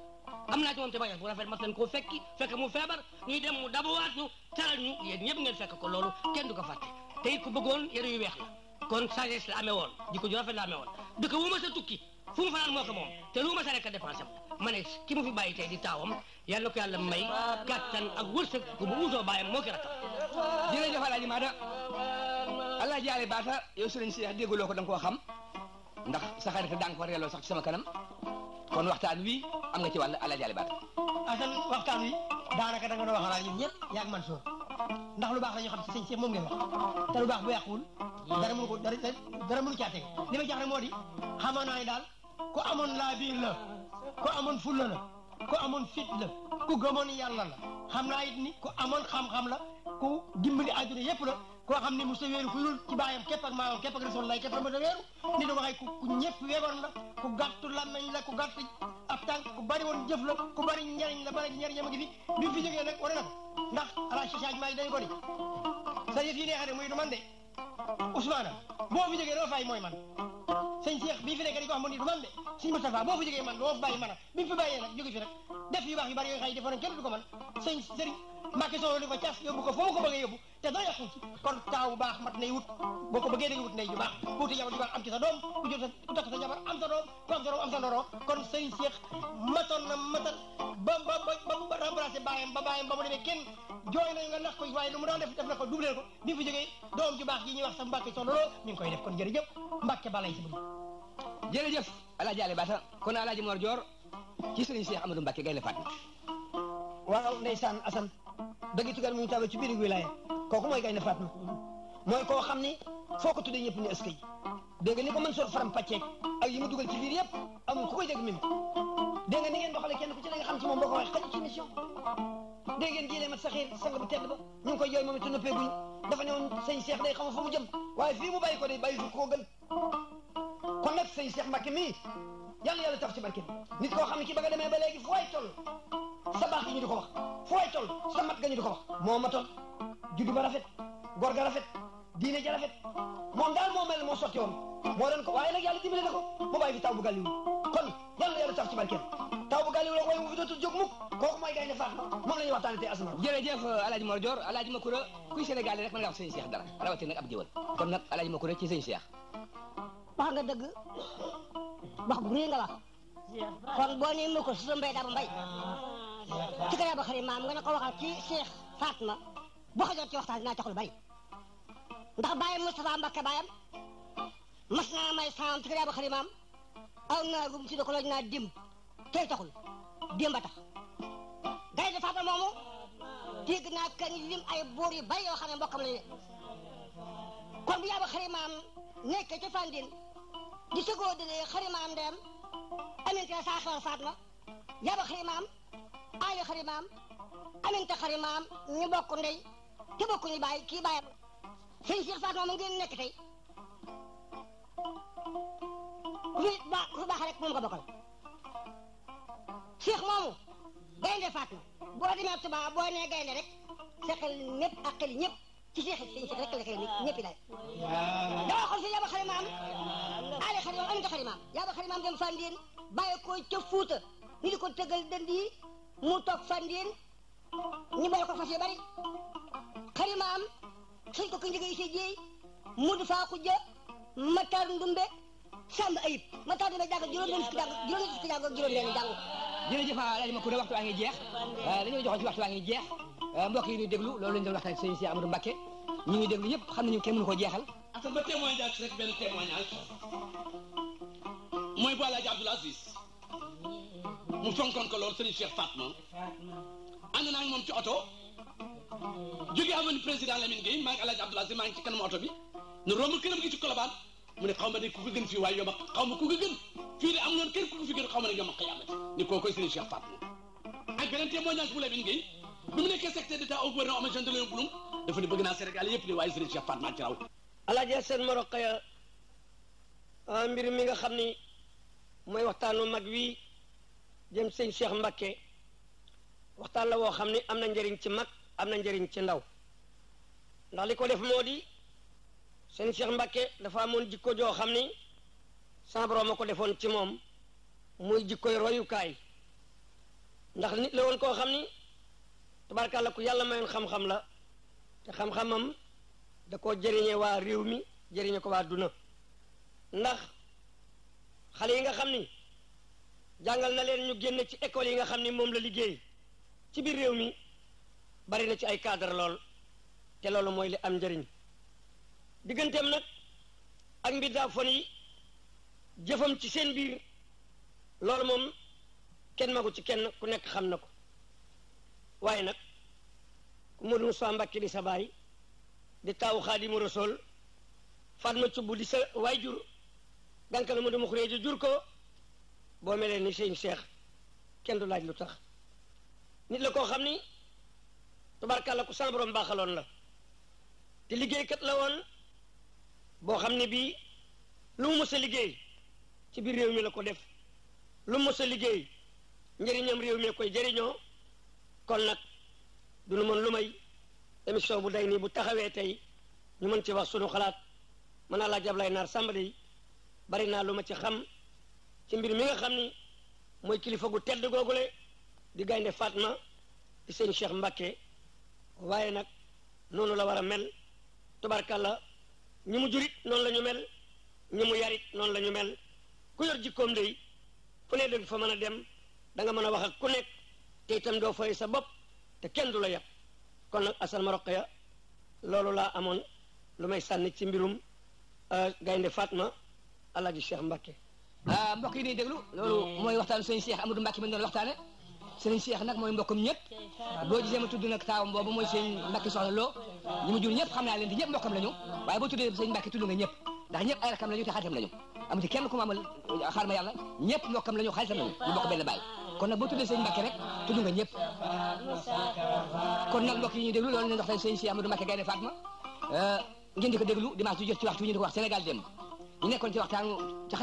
Speaker 1: am naa ci te témoignage bu rafet mas leen koo fekki fekk mu feebar ñuy dem mu dabuwaat ñu calal ñu yéen ñëpp ngeen fekk ko loolu kenn du ko fàtte te it ku bëggoon yëre yu weex la kon sagesse la amee woon jikko ju rafet la amee woon dëkk wu ma sa tukki fu mu fanaan moo ko moom te lu ma sa rekk a dépensé ma ne ki mu fi bàyyi tey di taawam yàlla ko yàlla may kattan ak wërsëg bu mu uusoo bàyyam moo ki rakkam jërëjëf Alaaji Maada Alaaji Jaale Baata yow sëriñ si dégguloo ko da nga koo xam ndax sa xarit danga ko reeloo sax ci kanam kon waxtaan wi am nga ci wàll alal yàlla baat asal waxtaan wi daanaka da nga doon waxalaat ñun ñëpp yaa ngi man soor ndax lu baax la ñu xam ci sëñ si moom ngeen wax te lu baax bu yàquwul dara mënu ko dara dara mënu caa di xamaa naa ne daal ku amoon laa la ku amoon fulla la ku amoon fit la ku gëmoon yàlla la xam naa it ni ku amoon xam-xam la ku dimbali àdduna yëpp la koo xam ne mu sa wéeru fu dul ci baayam képp ak maamam képp ak rasul lay képp ma ta ku ñëpp weegoon la ku gàttu làmmeñ la ku gàttu ab ku bari woon jëf ku bari njariñ bari njariñam a ngi bi fi jógee nag war na ko ndax ala ko di sa yëf neexee muy du man de Ousmane boo fi jógee doo fay mooy man sëñ Cheikh bii fi nekk di ko wax mu du man de sëñ Moustapha boo fi jógee man doo fi bàyyi a bi fi bàyyee nag Mbacke Sow di ko cas yóbbu ko foo ko bëggee yóbbu te doo yàqu kon taaw bu baax mat nay wut boo ko bëggee da nga wut nay ju baax wuti jabar ju baax am ci sa doom ku jël sa ku takk jabar am sa doom ku am am sa na matal ba ba ba mu remplacé ba bàyyam ba mu demee kenn jooy nañu nga nax ko waaye mu daan def def na ko dubleel ko bi mu fi jógee doom ju baax ji ñuy wax sa Mbacke Sow loolu koy def kon jërëjëf Mbacke balay si bëgg jërëjëf alaaji Ali Bata kon alaaji Mor Dior ci sëriñ Cheikh Amadou Mbacke Gaynde Fatma waaw ndeysaan dagi tugal mu ñu tàbbal ci biir wilaya kooku mooy gaynde Fatma mooy koo xam ni foo ko tuddee ñëpp ni est nga ni ko kenn ku ci ne xam ci moom boo ko waxee xaju ci mission dégg ngeen jilee mat saxiir sang bu tedd ba ñu ngi jooy moom it noppeeguñ dafa ne woon sëñ Cheikh day xama waaye fii mu bàyyi ko day bàyyi fi koo gën kon nag sëñ Cheikh Mbacke mii yàlla ci barke nit koo xam ne ki ba nga demee ba léegi fu waay toll sa baax gi ñu di ko wax fooy toll sa mat ga ñu di ko wax moo matoon juddu ba rafet góor ga rafet diine ja rafet moom daal moo mel moo sotti woon moo doon ko waaye nag yàlla dimbale na ko mu bàyyi fi taw bu gàlliwu kon yàlla yàlla tax ci barkeem taw bu gàlliwu la waaye mu fi dootul jóg mukk kooku mooy moom la ñuy waxtaane tey asama jërëjëf alaaji Mor Dior alaaji Makura kuy Sénégal rek mën nga wax sëñ Cheikh dara rawatina nag ab jëwal kon nag alaaji Makura
Speaker 6: ma ko kitaabe Bakary maam nga ne ko waxal ci Cheikh Fatma bu xajoon ci waxtaan dinaa jox lu bari ndax bàyyi Moustapha Mbacké bàyyam mas naa may saam ci kitaabe Bakary maam aw naa gum ci ko laaj naa dimb tey taxul dimba tax gay de Fatma moomu dégg naa kan lim ay buur yu bari yoo xam ne mbokkam lañu kon bu yaaba Bakary maam nekk ci Fandine di sëgoo dine Bakary maam ndeyam amin te saa xewal Fatma yaaba Bakary maam ay xarimam maam aminta xari ñu bokk ndey te ñu bay ki bàyyam sey Cheikh Fatma mo ngeen nekk tay ñu ba lu ba rek mo nga bokal Cheikh moomu gaynde Fatma boo demee Tuba bo ne gaynde rek sa xel ñëpp ak ñëpp ci Cheikh sëñ Cheikh rek la xel ñëpp daal do xol ci yaba xarimam maam xarimam xari maam aminta xari maam dem Fandeen bàyyi ko ca Fuuta ñu ko tëggal dandi mu toog fandiin ñu boole ko fas yu bari xarimaam suñ ko ko njëge yi si jiy mu du faa xujja matar ndumbe sàmb ayib matar ndumbe jàng juróom-benn
Speaker 1: fukki jàng juróom-benn fukki jàng juróom-benn jàng jërëjëf Alaaji ah, Makounda waxtu waa ngi jeex dañoo ah, joxoon ci waxtu waa ngi jeex ah, mbokk yi ñuy déglu loolu lañ doon waxtaan ci sëñ si Amadou Mbacke ñu ngi déglu ñëpp xam nañu kenn mënu ko jeexal
Speaker 5: sama témoignage rek benn témoignage mooy bu Alaaji Abdoul Aziz mu fonkoon ko lool Serigne Cheikh Fatma ànd naa ak moom ci oto jóge avenue président Lamine Gueye maa ngi El Hadj Abdoulaye maa ngi ci kanamu oto bi nu romb këram gi ci Colobane mu ne xaw ma ne ku ko gën fii waaye yomb a xaw ma ku ko gën fii de am noonu kenn ku ko fi gën xaw ma ne yomb a xiyaamati ni kookoy Serigne Cheikh Fatma ak beneen témoignage bu Lamine Gueye
Speaker 1: bi mu nekkee secrétaire d'État au gouvernement Oumar Jean Deleon Blum
Speaker 5: dafa ne bëgg naa Sénégal yëpp de waaye Serigne Cheikh Fatma ci raw.
Speaker 1: El Hadj Assane Morokhaya ah, mbir mi nga xam ni mooy waxtaanu mag wi jëm seen Cheikh Mbakke waxtaan la woo xam ni am na njëriñ ci mag am na njariñ ci ndaw ndax li ko def moo di seen Cheikh Mbakke dafa amoon jikko joo xam ni sama borom ko defoon ci moom muy jikkoy royukaay ndax nit la woon koo xam ni tabarkàlla ko yàlla mayoon xam-xam la te xam-xamam da koo jëriñe waa réew mi jëriñe ko waa duna ndax xale yi nga xam ni jàngal na leen ñu génn ci école yi nga xam ni moom la liggéey ci biir réew mi bari na ci ay cadre lool te loolu mooy li am njariñ digganteem nag ak mbiddaa fon yi jëfam ci seen biir loolu moom kenn magu ci kenn ku nekk xam na ko waaye nag ku Modou Moussa Mbacké di sa baay di taawu Xaadimu Rasuul Fatma Cubb di sa waay jur gànkal ma dama xuree ji jur ko boo melee ni sëñ Cheikh kenn du laaj lu tax nit la koo xam ni tubaarkàlla ku sama borom baaxaloon la te liggéeykat la woon boo xam ne bii lu mu mës liggéey ci biir réew mi la ko def lu mu mës a liggéey njëriñam réew mi koy jëriñoo kon nag du nu mën lu may émission bu day nii bu taxawee tey ñu mën ci wax sunu xalaat mën naa laa jablay naar sàmbali bari naa lu ma ci xam ci mbir mi nga xam ni mooy kilifa gu tedd googule di gaynde Fatma di sëñ Cheikh Mbacké waaye nag noonu la war a mel tubarkalla ñi mu jurit noonu la ñu mel ñi mu yarit noonu la ñu mel ku yor jikkoom day fu ne dëgg fa mën a dem da nga mën a wax ak ku nekk te itam doo fay sa bopp te kenn du la yàpp kon nag asal ma roq ya loolu laa amoon lu may sànni ci mbirum euh, gaynde Fatma di Cheikh Mbacké Ah, mbokk yi day déglu loolu mooy waxtaan sëñ Cheikh Amadou Mbacke mi doon waxtaane sëñ Cheikh nag mooy mbokkum ñëpp boo gisee ma tudd nag taawam boobu mooy sëñ Mbacke soxna loo ñi ma jur ñëpp xam naa leen di ñëpp mbokkam lañu waaye boo tuddee sëñ Mbacke tudd nga ñëpp ndax ñëpp ay rakam lañu te xaritam lañu amu ci kenn ku ma amal euh, xaar ma yàlla ñëpp mbokkam lañu xaritam lañu ñu bokk benn baay kon nag boo tuddee sëñ Mbacke rek tudd nga ñëpp kon nag mbokk yi ñuy déglu loolu leen wax tey sëñ Cheikh Amadou Mbacke Gaynde Fatma euh, ngeen di ko déglu dimanche ju jot ci waxtu ñu ko wax Sénégal démb ñu nekkoon ci waxtaan ci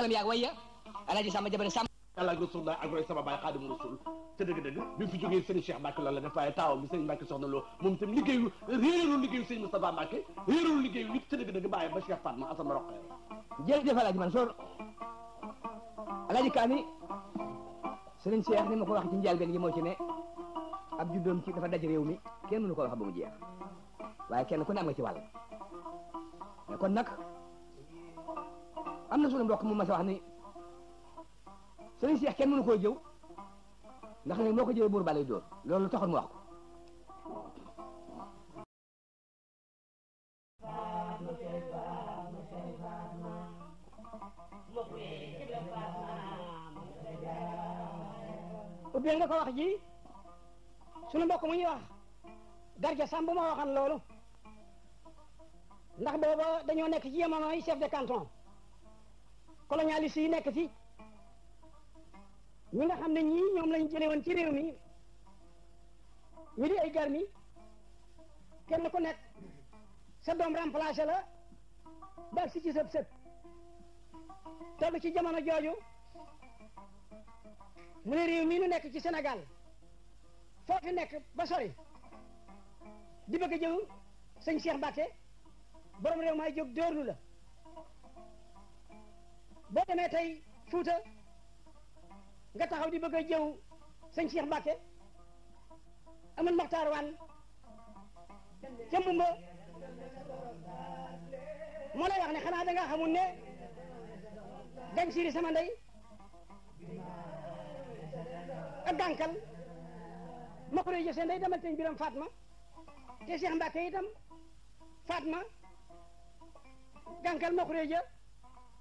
Speaker 1: alaaji sàmba jabare sàmb yàlla ak rasulullah ak roy sama baay xaadim rasul te dëgg-dëgg bi mu fi jógee sëriñ Cheikh la def waaye taawam
Speaker 5: bi sëriñ Mbacke soxna loo moom itam liggéeyu réerul liggéeyu sëriñ Moustapha Mbacke réerul liggéeyu nit te
Speaker 1: alaaji Kaani sëriñ Cheikh ni ma ko wax ci njëlbeen gi moo ci ne ab juddoom ci dafa daj réew mi kenn mënu ko wax ba mu jeex waaye kenn ku ne am nga ci wàll kon nag am na sunu mbokk mu mas a ni sëriñ sih kenn mënu koo jëw ndax léegi moo ko jëwee buur balay dóor loolu taxoon mu wax ko nga ko wax ji sunu mbokk mu ñuy wax darja sambu ma waxan loolu ndax booba dañoo nekk ci yamono yi chef de canton colonialiste yi nekk fi ñi nga xam ne ñii ñoom lañ jëlee woon ci réew mi ñu di ay garmi kenn ku nekk sa doom remplacé la ba si ci sëb sëb toll ci jamono jooju mu ne réew mii nu nekk ci Sénégal foofu nekk ba sori di bëgg a jëw sëñ Cheikh Mbacké borom réew maay jóg dóorlu la boo demee tey Fuuta nga taxaw di bëgg a jëw sëñ Cheikh Mbacke amoon Maxtaar Wan ca Mbumba moo lay wax ne xanaa da nga ne dañ siri sama ndey ak gànkal ma seen ndey demal teñ biram Fatma te Cheikh Mbacke itam Fatma ma ko lay jëf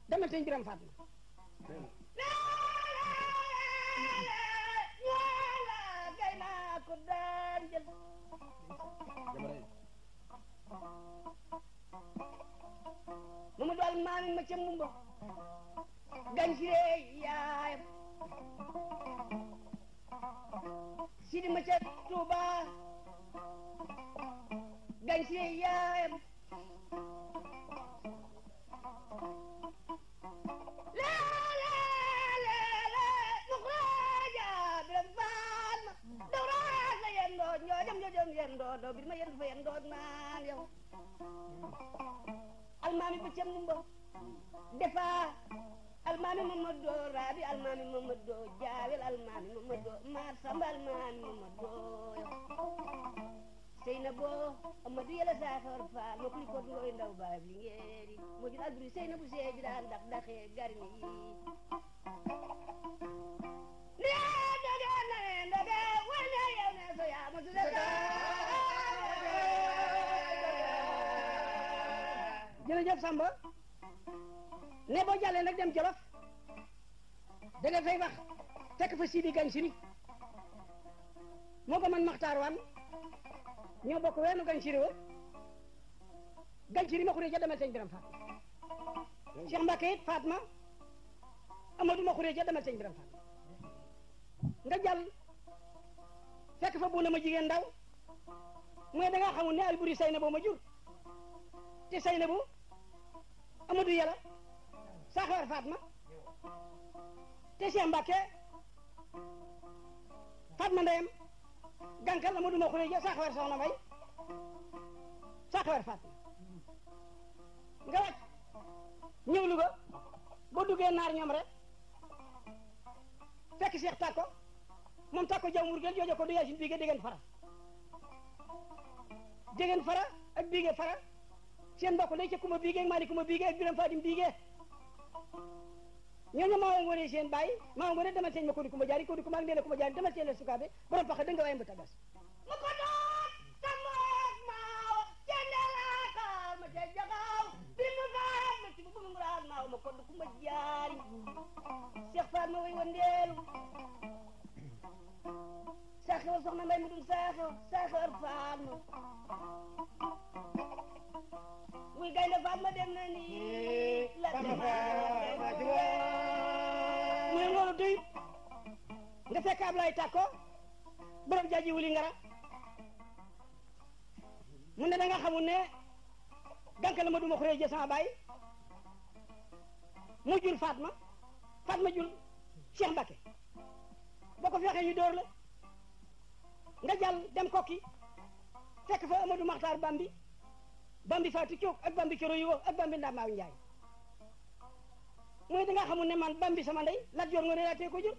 Speaker 1: demal teñ biram Fatma.
Speaker 4: ko daan jël mu ma
Speaker 1: dool maami ma ca mbumba gan si ree yaayam sidi ma ca tuuba
Speaker 4: gan si ree yaayam doon yendoo doo bir ma yendu fa yendoo naan yow almaami ba cam numba defa almaami mamadou rabi almaami mamadou jaawel almaami mamadou maar samba almaami mamadou yow Seynabo Amadou yàlla saafoor faal ma kuli koot ngooy ndaw baab li ngeeri moo jur albiri Seynabu seedi daan dax garmi yi
Speaker 1: jërëjëf Samba ne boo jàllee nag dem Jolof da nga fay wax tekk fa Sidi Gañ Siri moo ko man Maxtaar Waan ñoo bokk weenu Gañ Siri wa Gañ Siri ma xuree ja demal sëñ Biram Faat Cheikh Mbacke it Fatma Amadou ma xuree ja demal sëñ Biram Faat nga jàll fekk fa bu na ma jigéen ndaw mooy da ngaa xamul ne alburi say na boo ma jur te say na boo amadu yàlla saxaar Fatma te Cheikh Mbacke Fatma ndeyam gànkal amadu ma xule ja saxaar soxna Mbay saxaar Fatma nga wàcc ñëw Louga boo duggee naar ñoom rek fekk Cheikh Tako mom takko jawmurgel jojo ko do yasin bige degen fara degen fara ak bige fara sen mbokk lay ci kuma bige mali kuma bige ak biram fadim bige ñoo ma ngone sen bay ma ngone dama sen ko kuma jari ko kuma ngene kuma jari dama sen sukabe borom faxa de nga way mbata bas ma ko do
Speaker 4: tamo ma jendela ka ma je jagaw bi mu garam ma ci bu mu ngran ma ko kuma jari cheikh fat ma way wandelu saxewal soxna mbay mudum saxew saxewal faatma muy gaynde faatma dem na ni la
Speaker 1: muy loolu doy nga fekk ablay takko borom jaaji wuli ngara mu ne da nga xamul ne gankal ma duma xuree sama bay mu jur fatma fatma jur cheikh mbake boo ko fi waxee ñu dóor la nga jàll dem kokki fekk fa Amadou Makhtar Bambi Bambi Fatou Diop ak Bambi Coro yi ak Bambi Ndamaaw Ndiaye mooy dangaa xamul ne man Bambi sama ndey Lat Joor Ngoone Latiir ko jur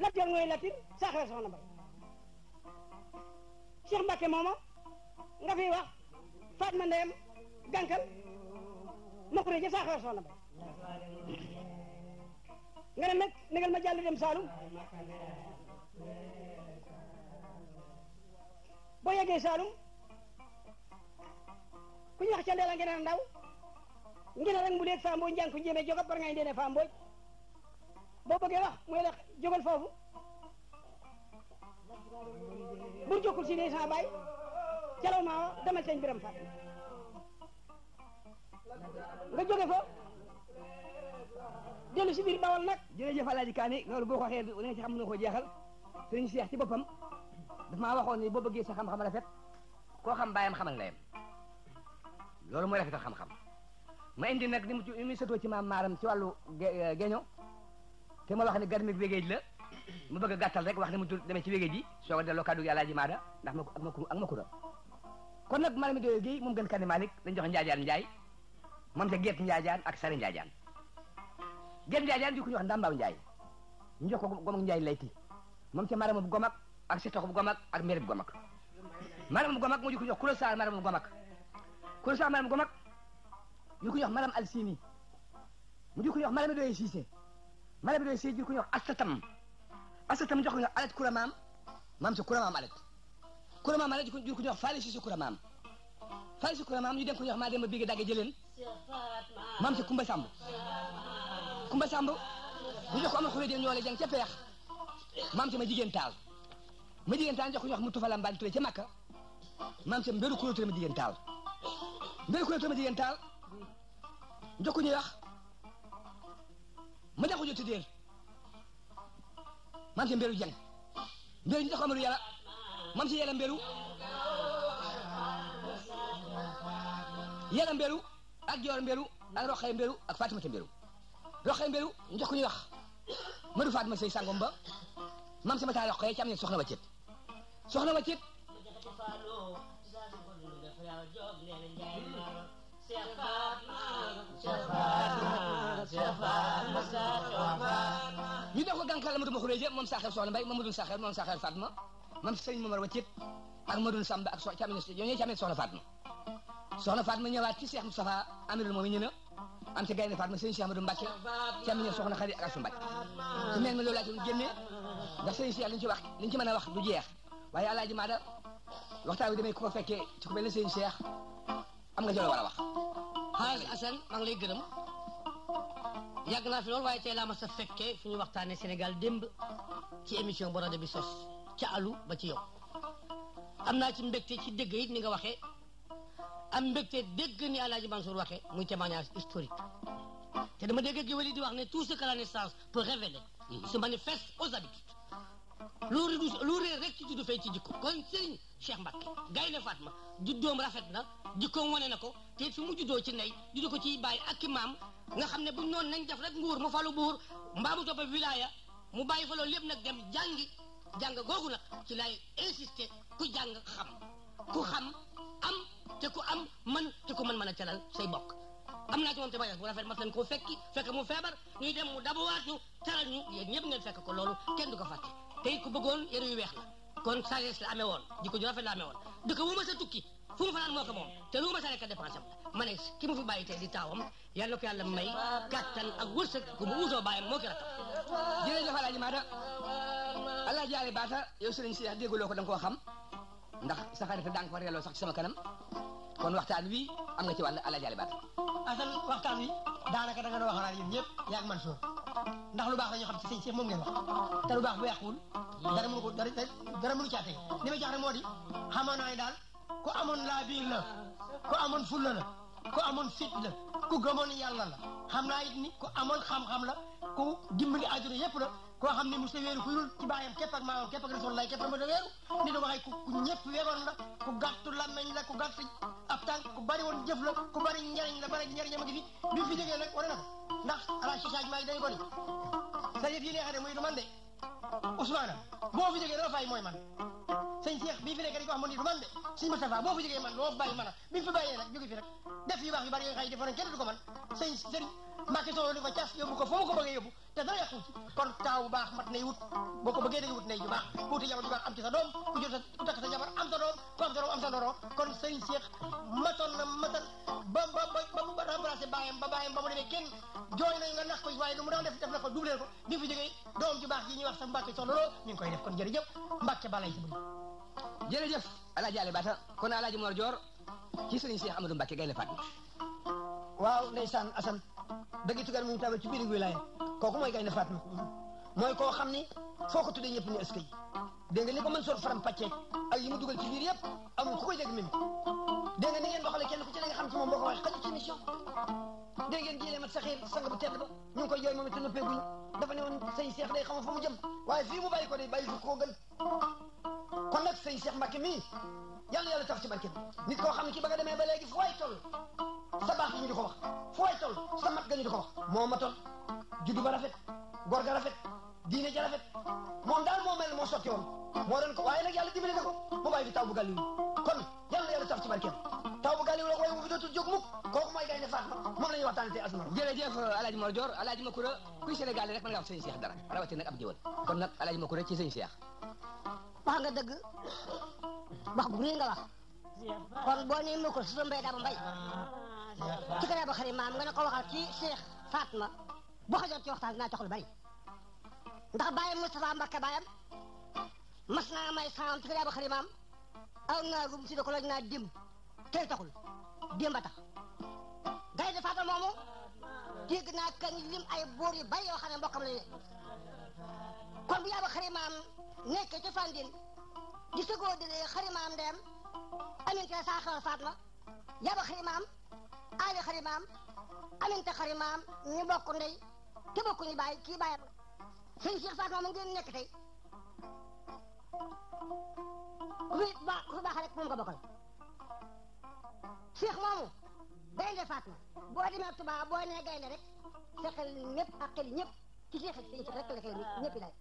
Speaker 1: Lat Joor Ngoone Latiir mooma nga fi wax Fatma ndeyam gànkal ma ko rëcc saaxewer soxna nga ne nag nagal ma jàll dem Saalum boo yeggee Saalum ku ñu wax ca ndeela ngena ndaw ngena rek mu leeg fa mbooj njàng ku njéeme jogal par ngay ndeene fa mbooj boo bëggee wax mooy la jogal foofu bur jokkul si ne sa calaw ma biram fa nga dellu si biir bawal nag jërëjëf Alaaji Kaani loolu boo ko waxee li nga ci xam mënoo ko jeexal sëriñ Cheikh ci boppam daf maa waxoon ni boo bëggee si xam-xam rafet koo xam bàyyam xamal ndeyam loolu mooy rafetal xam-xam ma indi nag ni mu ci mu sëtoo ci maam maaram ci wàllu euh, geño te ma wax ne garmi wégéej la mu bëgg a rek wax ne mu demee ci wégéej yi soo ko delloo kàddu gi Alaaji Maada ndax ma ak ma ak ma kura kon nag maanaam Doyo Guèye moom gën Kani Malick dañ jox Njaajaan Njaay moom ca Geet Njaajaan ak Sari Njaajaan genn njaay daan di ku ñu wax ndambaaw njaay ñu jox ko gomak njaay layti moom ca maramab gomak ak sitoxub gomak ak merib gomak maramab gomak mu di ku ñu wax kuro saar maramab gomak kuro saar maramab gomak yu ku ñu wax maram alsini mu di ku ñu wax doye siise marami doye siise di ku ñu wax astatam astatam jox ko ñu alet kuramaam maam sa kuramaam alet kuramaam alet di ku ñu wax faali siise maam sa kumba sàmb Kumba Samb ñu jox ko amal xule dén ñoo la jàng ca ma jigéen taal ma jigéen taal jox ko mu tufala mbaan turé ca Makka maam ca mbéru kulo turé ma jigéen taal mbéru kulo turé ma jigéen taal jox ko ñuy wax ma daxu jo tuddéel maam ca mbéru jàng mbéru ñu jox ko ak joor mbéru ak roxay mbéru ak fatimata mbéru roqee mbéyu njox ku ñuy wax madu faat ma sëy sàngom ba mam sama taa roqee ci am ne soxna waccit soxna waccit ñu def ko gànkal Amadou Maxure jë moom saaxeer soxna mbay Mamadou saaxeer moom saaxeer Fatma mam sëñ Momar waccit ak Madoune Samba ak so càmmi ñoo ñooy càmmi soxna Fatma soxna Fatma ci Cheikh Moustapha amirul moom ñu am sa gaynde Fatma sëñ Cheikh Amadou Mbacke càmmiñam soxna Xadi ak Asu Mbacke su mel ma loolu laa ci
Speaker 3: ndax
Speaker 1: sëñ Cheikh liñ ci wax liñ ci mën a wax du jeex waaye alaaji Maada waxtaan wi damay ko fekkee ci ku mel ne sëñ Cheikh am nga jël war a wax xaaral Assane maa ngi lay gërëm yàgg naa fi loolu waaye tey laa ma sa fekkee fu ñu waxtaanee Sénégal démb ci émission bu rajo bi sos ca alu ba ci yow am naa ci mbégte ci dégg it ni nga waxee am mbégte dégg ni El Hadj Mansour waxee muy témoignage historique te dama dégg géwél di wax ne tout ce que la naissance peut révéler mhm. se manifeste aux habitudes lu lu réer rek ci juddu fay ci jikko kon sëriñ Cheikh Mbacke Gaynde Fatma juddoom rafet na jikkoom wane na ko te fi mu juddoo ci ndey juddu ko ciy bàyyi ak i maam nga xam ne buñ noonu nañ def rek nguur mu falu buur mbaa mu toppa wilaya mu bàyyi fa loolu lépp nag dem jàngi jàng googu nag ci lay insister ku jàng xam ku xam am te ku am man te ku mën a calal say bokk am na ci moom te bayaas bu rafet mas leen koo fekki fekk mu feebar ñuy dem mu dabuwaat ñu taral ñu yéen ñëpp ngeen fekk ko loolu kenn du ko fàtte te it ku bëggoon yu weex na kon sagesse la amee woon jikko ju rafet la woon dëkk wu ma sa tukki fu mu fanaan moo ko moom te lu ma sa nekk dépense am la ma ne ki mu fi bàyyi tey di taawam yàlla ko yàlla may kàttan ak wërsëg ku mu uusoo bàyyam moo ki rakk jërëjëf Alaaji Maada Alaaji Baata yow sëriñ si dégguloo ko da koo xam ndax sa xarit danga ko reeloo sax ci sama kanam kon waxtaan wi am nga ci wàll ala jaali baat asal waxtaan wi daanaka da nga doon waxaraat yéen ñëpp yaag man suur ndax lu baax la ñu xam ci sëñ Cheikh moom ngeen wax te lu baax bu yàquwul dara mënu ko dara mënu caate li moo di xamoon naa daal ku amoon laa biir la amoon fulla la ko amoon fit la ku gëmoon yàlla la xam naa it ni ku amoon xam-xam la ko dimbali àdduna yëpp la koo xam ne mu sa wéeru fu dul ci baayam képp ak maamam képp ak rasulullah képp ma da wéeru ni da waxee ku ñëpp la ku gàttu làmmeñ la ku gàtt ab ku bari woon jëf la ku bari njariñ la bari njariñam a ngi fi bi fi jógee nag ko ndax ala sisage maa ngi ko ni sa yëf yi muy du man de Ousmane boo fi jógee doo fay mooy man sëñ Cheikh bii fi nekk dañ wax mu ni du man de sëñ Moustapha boo fi jógee man doo bàyyi man a bi mu fi te dara yàqu kon taaw bu baax mat nay wut boo ko bëggee da nga wut nay ju baax wuti jabar ju baax am ci sa doom ku jur sa ku jabar am sa doom ku am sa doom kon sëriñ Cheikh matoon na ba ba ba mu remplacé ba bàyyam ba mu demee kenn jooy nañ nga nax ko waaye lu mu daan def def na ko dubleel ko di nga fi jógee doom ju baax yi ñuy wax sa mbàkke soxna loo ñu ngi koy def kon jërëjëf mbàkke balay si bëri jërëjëf alaaji Ali Bata dëgg tugaan moom tabal ci biir wilaaya kooku mooy gaynde Fatma mooy koo xam ni foo tuddee ñëpp ni est-ce que dégg kenn ku ci ne xam ci moom boo ko waxee xaju ci émission dégg ngeen jilee mat saxiir sang bu tedd ba ñu koy jooy moom it noppeeguñ dafa ne woon sëñ Cheikh day xam fa mu jëm waaye fii mu bàyyi ko day bàyyi fi koo gën kon nag sëñ Cheikh Mbacke mii yàlla tax ci barke nit koo xam ne kii ba nga demee ba léegi fu waay sa baax ñu di ko wax fooy tol sa mat ga ñu di ko wax moo matoon juddu ba rafet góor ga rafet diine ja rafet moom daal moo mel moo sotti woon moo doon ko waaye nag yàlla dimbali na ko mu bàyyi fi taw bu gàlliw kon yàlla yàlla taf ci barkeem taw bu gàlliw la ko waaye mu fi dootul jóg mukk kooku mooy gaynde Fatma moom la ñuy waxtaane tey asma jërëjëf alaaji Mor Dior alaaji Makura kuy Sénégal rek mën nga am sëñ Cheikh dara rawati nag ab jëwal kon nag alaaji Makura ci sëñ Cheikh
Speaker 6: wax nga dëgg wax bu rëy nga wax kon boo nee Makura su mbay daa mbay
Speaker 3: ci gën
Speaker 6: a ba maam nga ne ko waxal ci Cheikh Fatma boo ko jot ci waxtaan dinaa jox lu bari ndax bàyyi Moustapha Mbacke bàyyam mas naa may saam ci gën a ba maam aw naa gum si da ko laaj naa dim tey taxul dim ba tax gay di Fatma moomu dégg naa kañ lim ay buur yu bari yoo xam ne mbokkam lañu kon bu yaaba xarimaam nekk ci Fandine di sëgoo di xarimaam ndeyam amin te saaxal Fatma yaaba xarimaam ali kharimam maam aminte xari ñu bokk ndey bokku ñu bay ki bayam sëñ Cheikh Fatma mo ngeen nekk tey ku fi baax ku fi baax rek moom nga bokkal Cheikh moomu bo di na tuba bo ne nee gaynde rek sa ñëpp ak ñëpp ci Cheikh ak Cheikh rek la xel ñëpp lay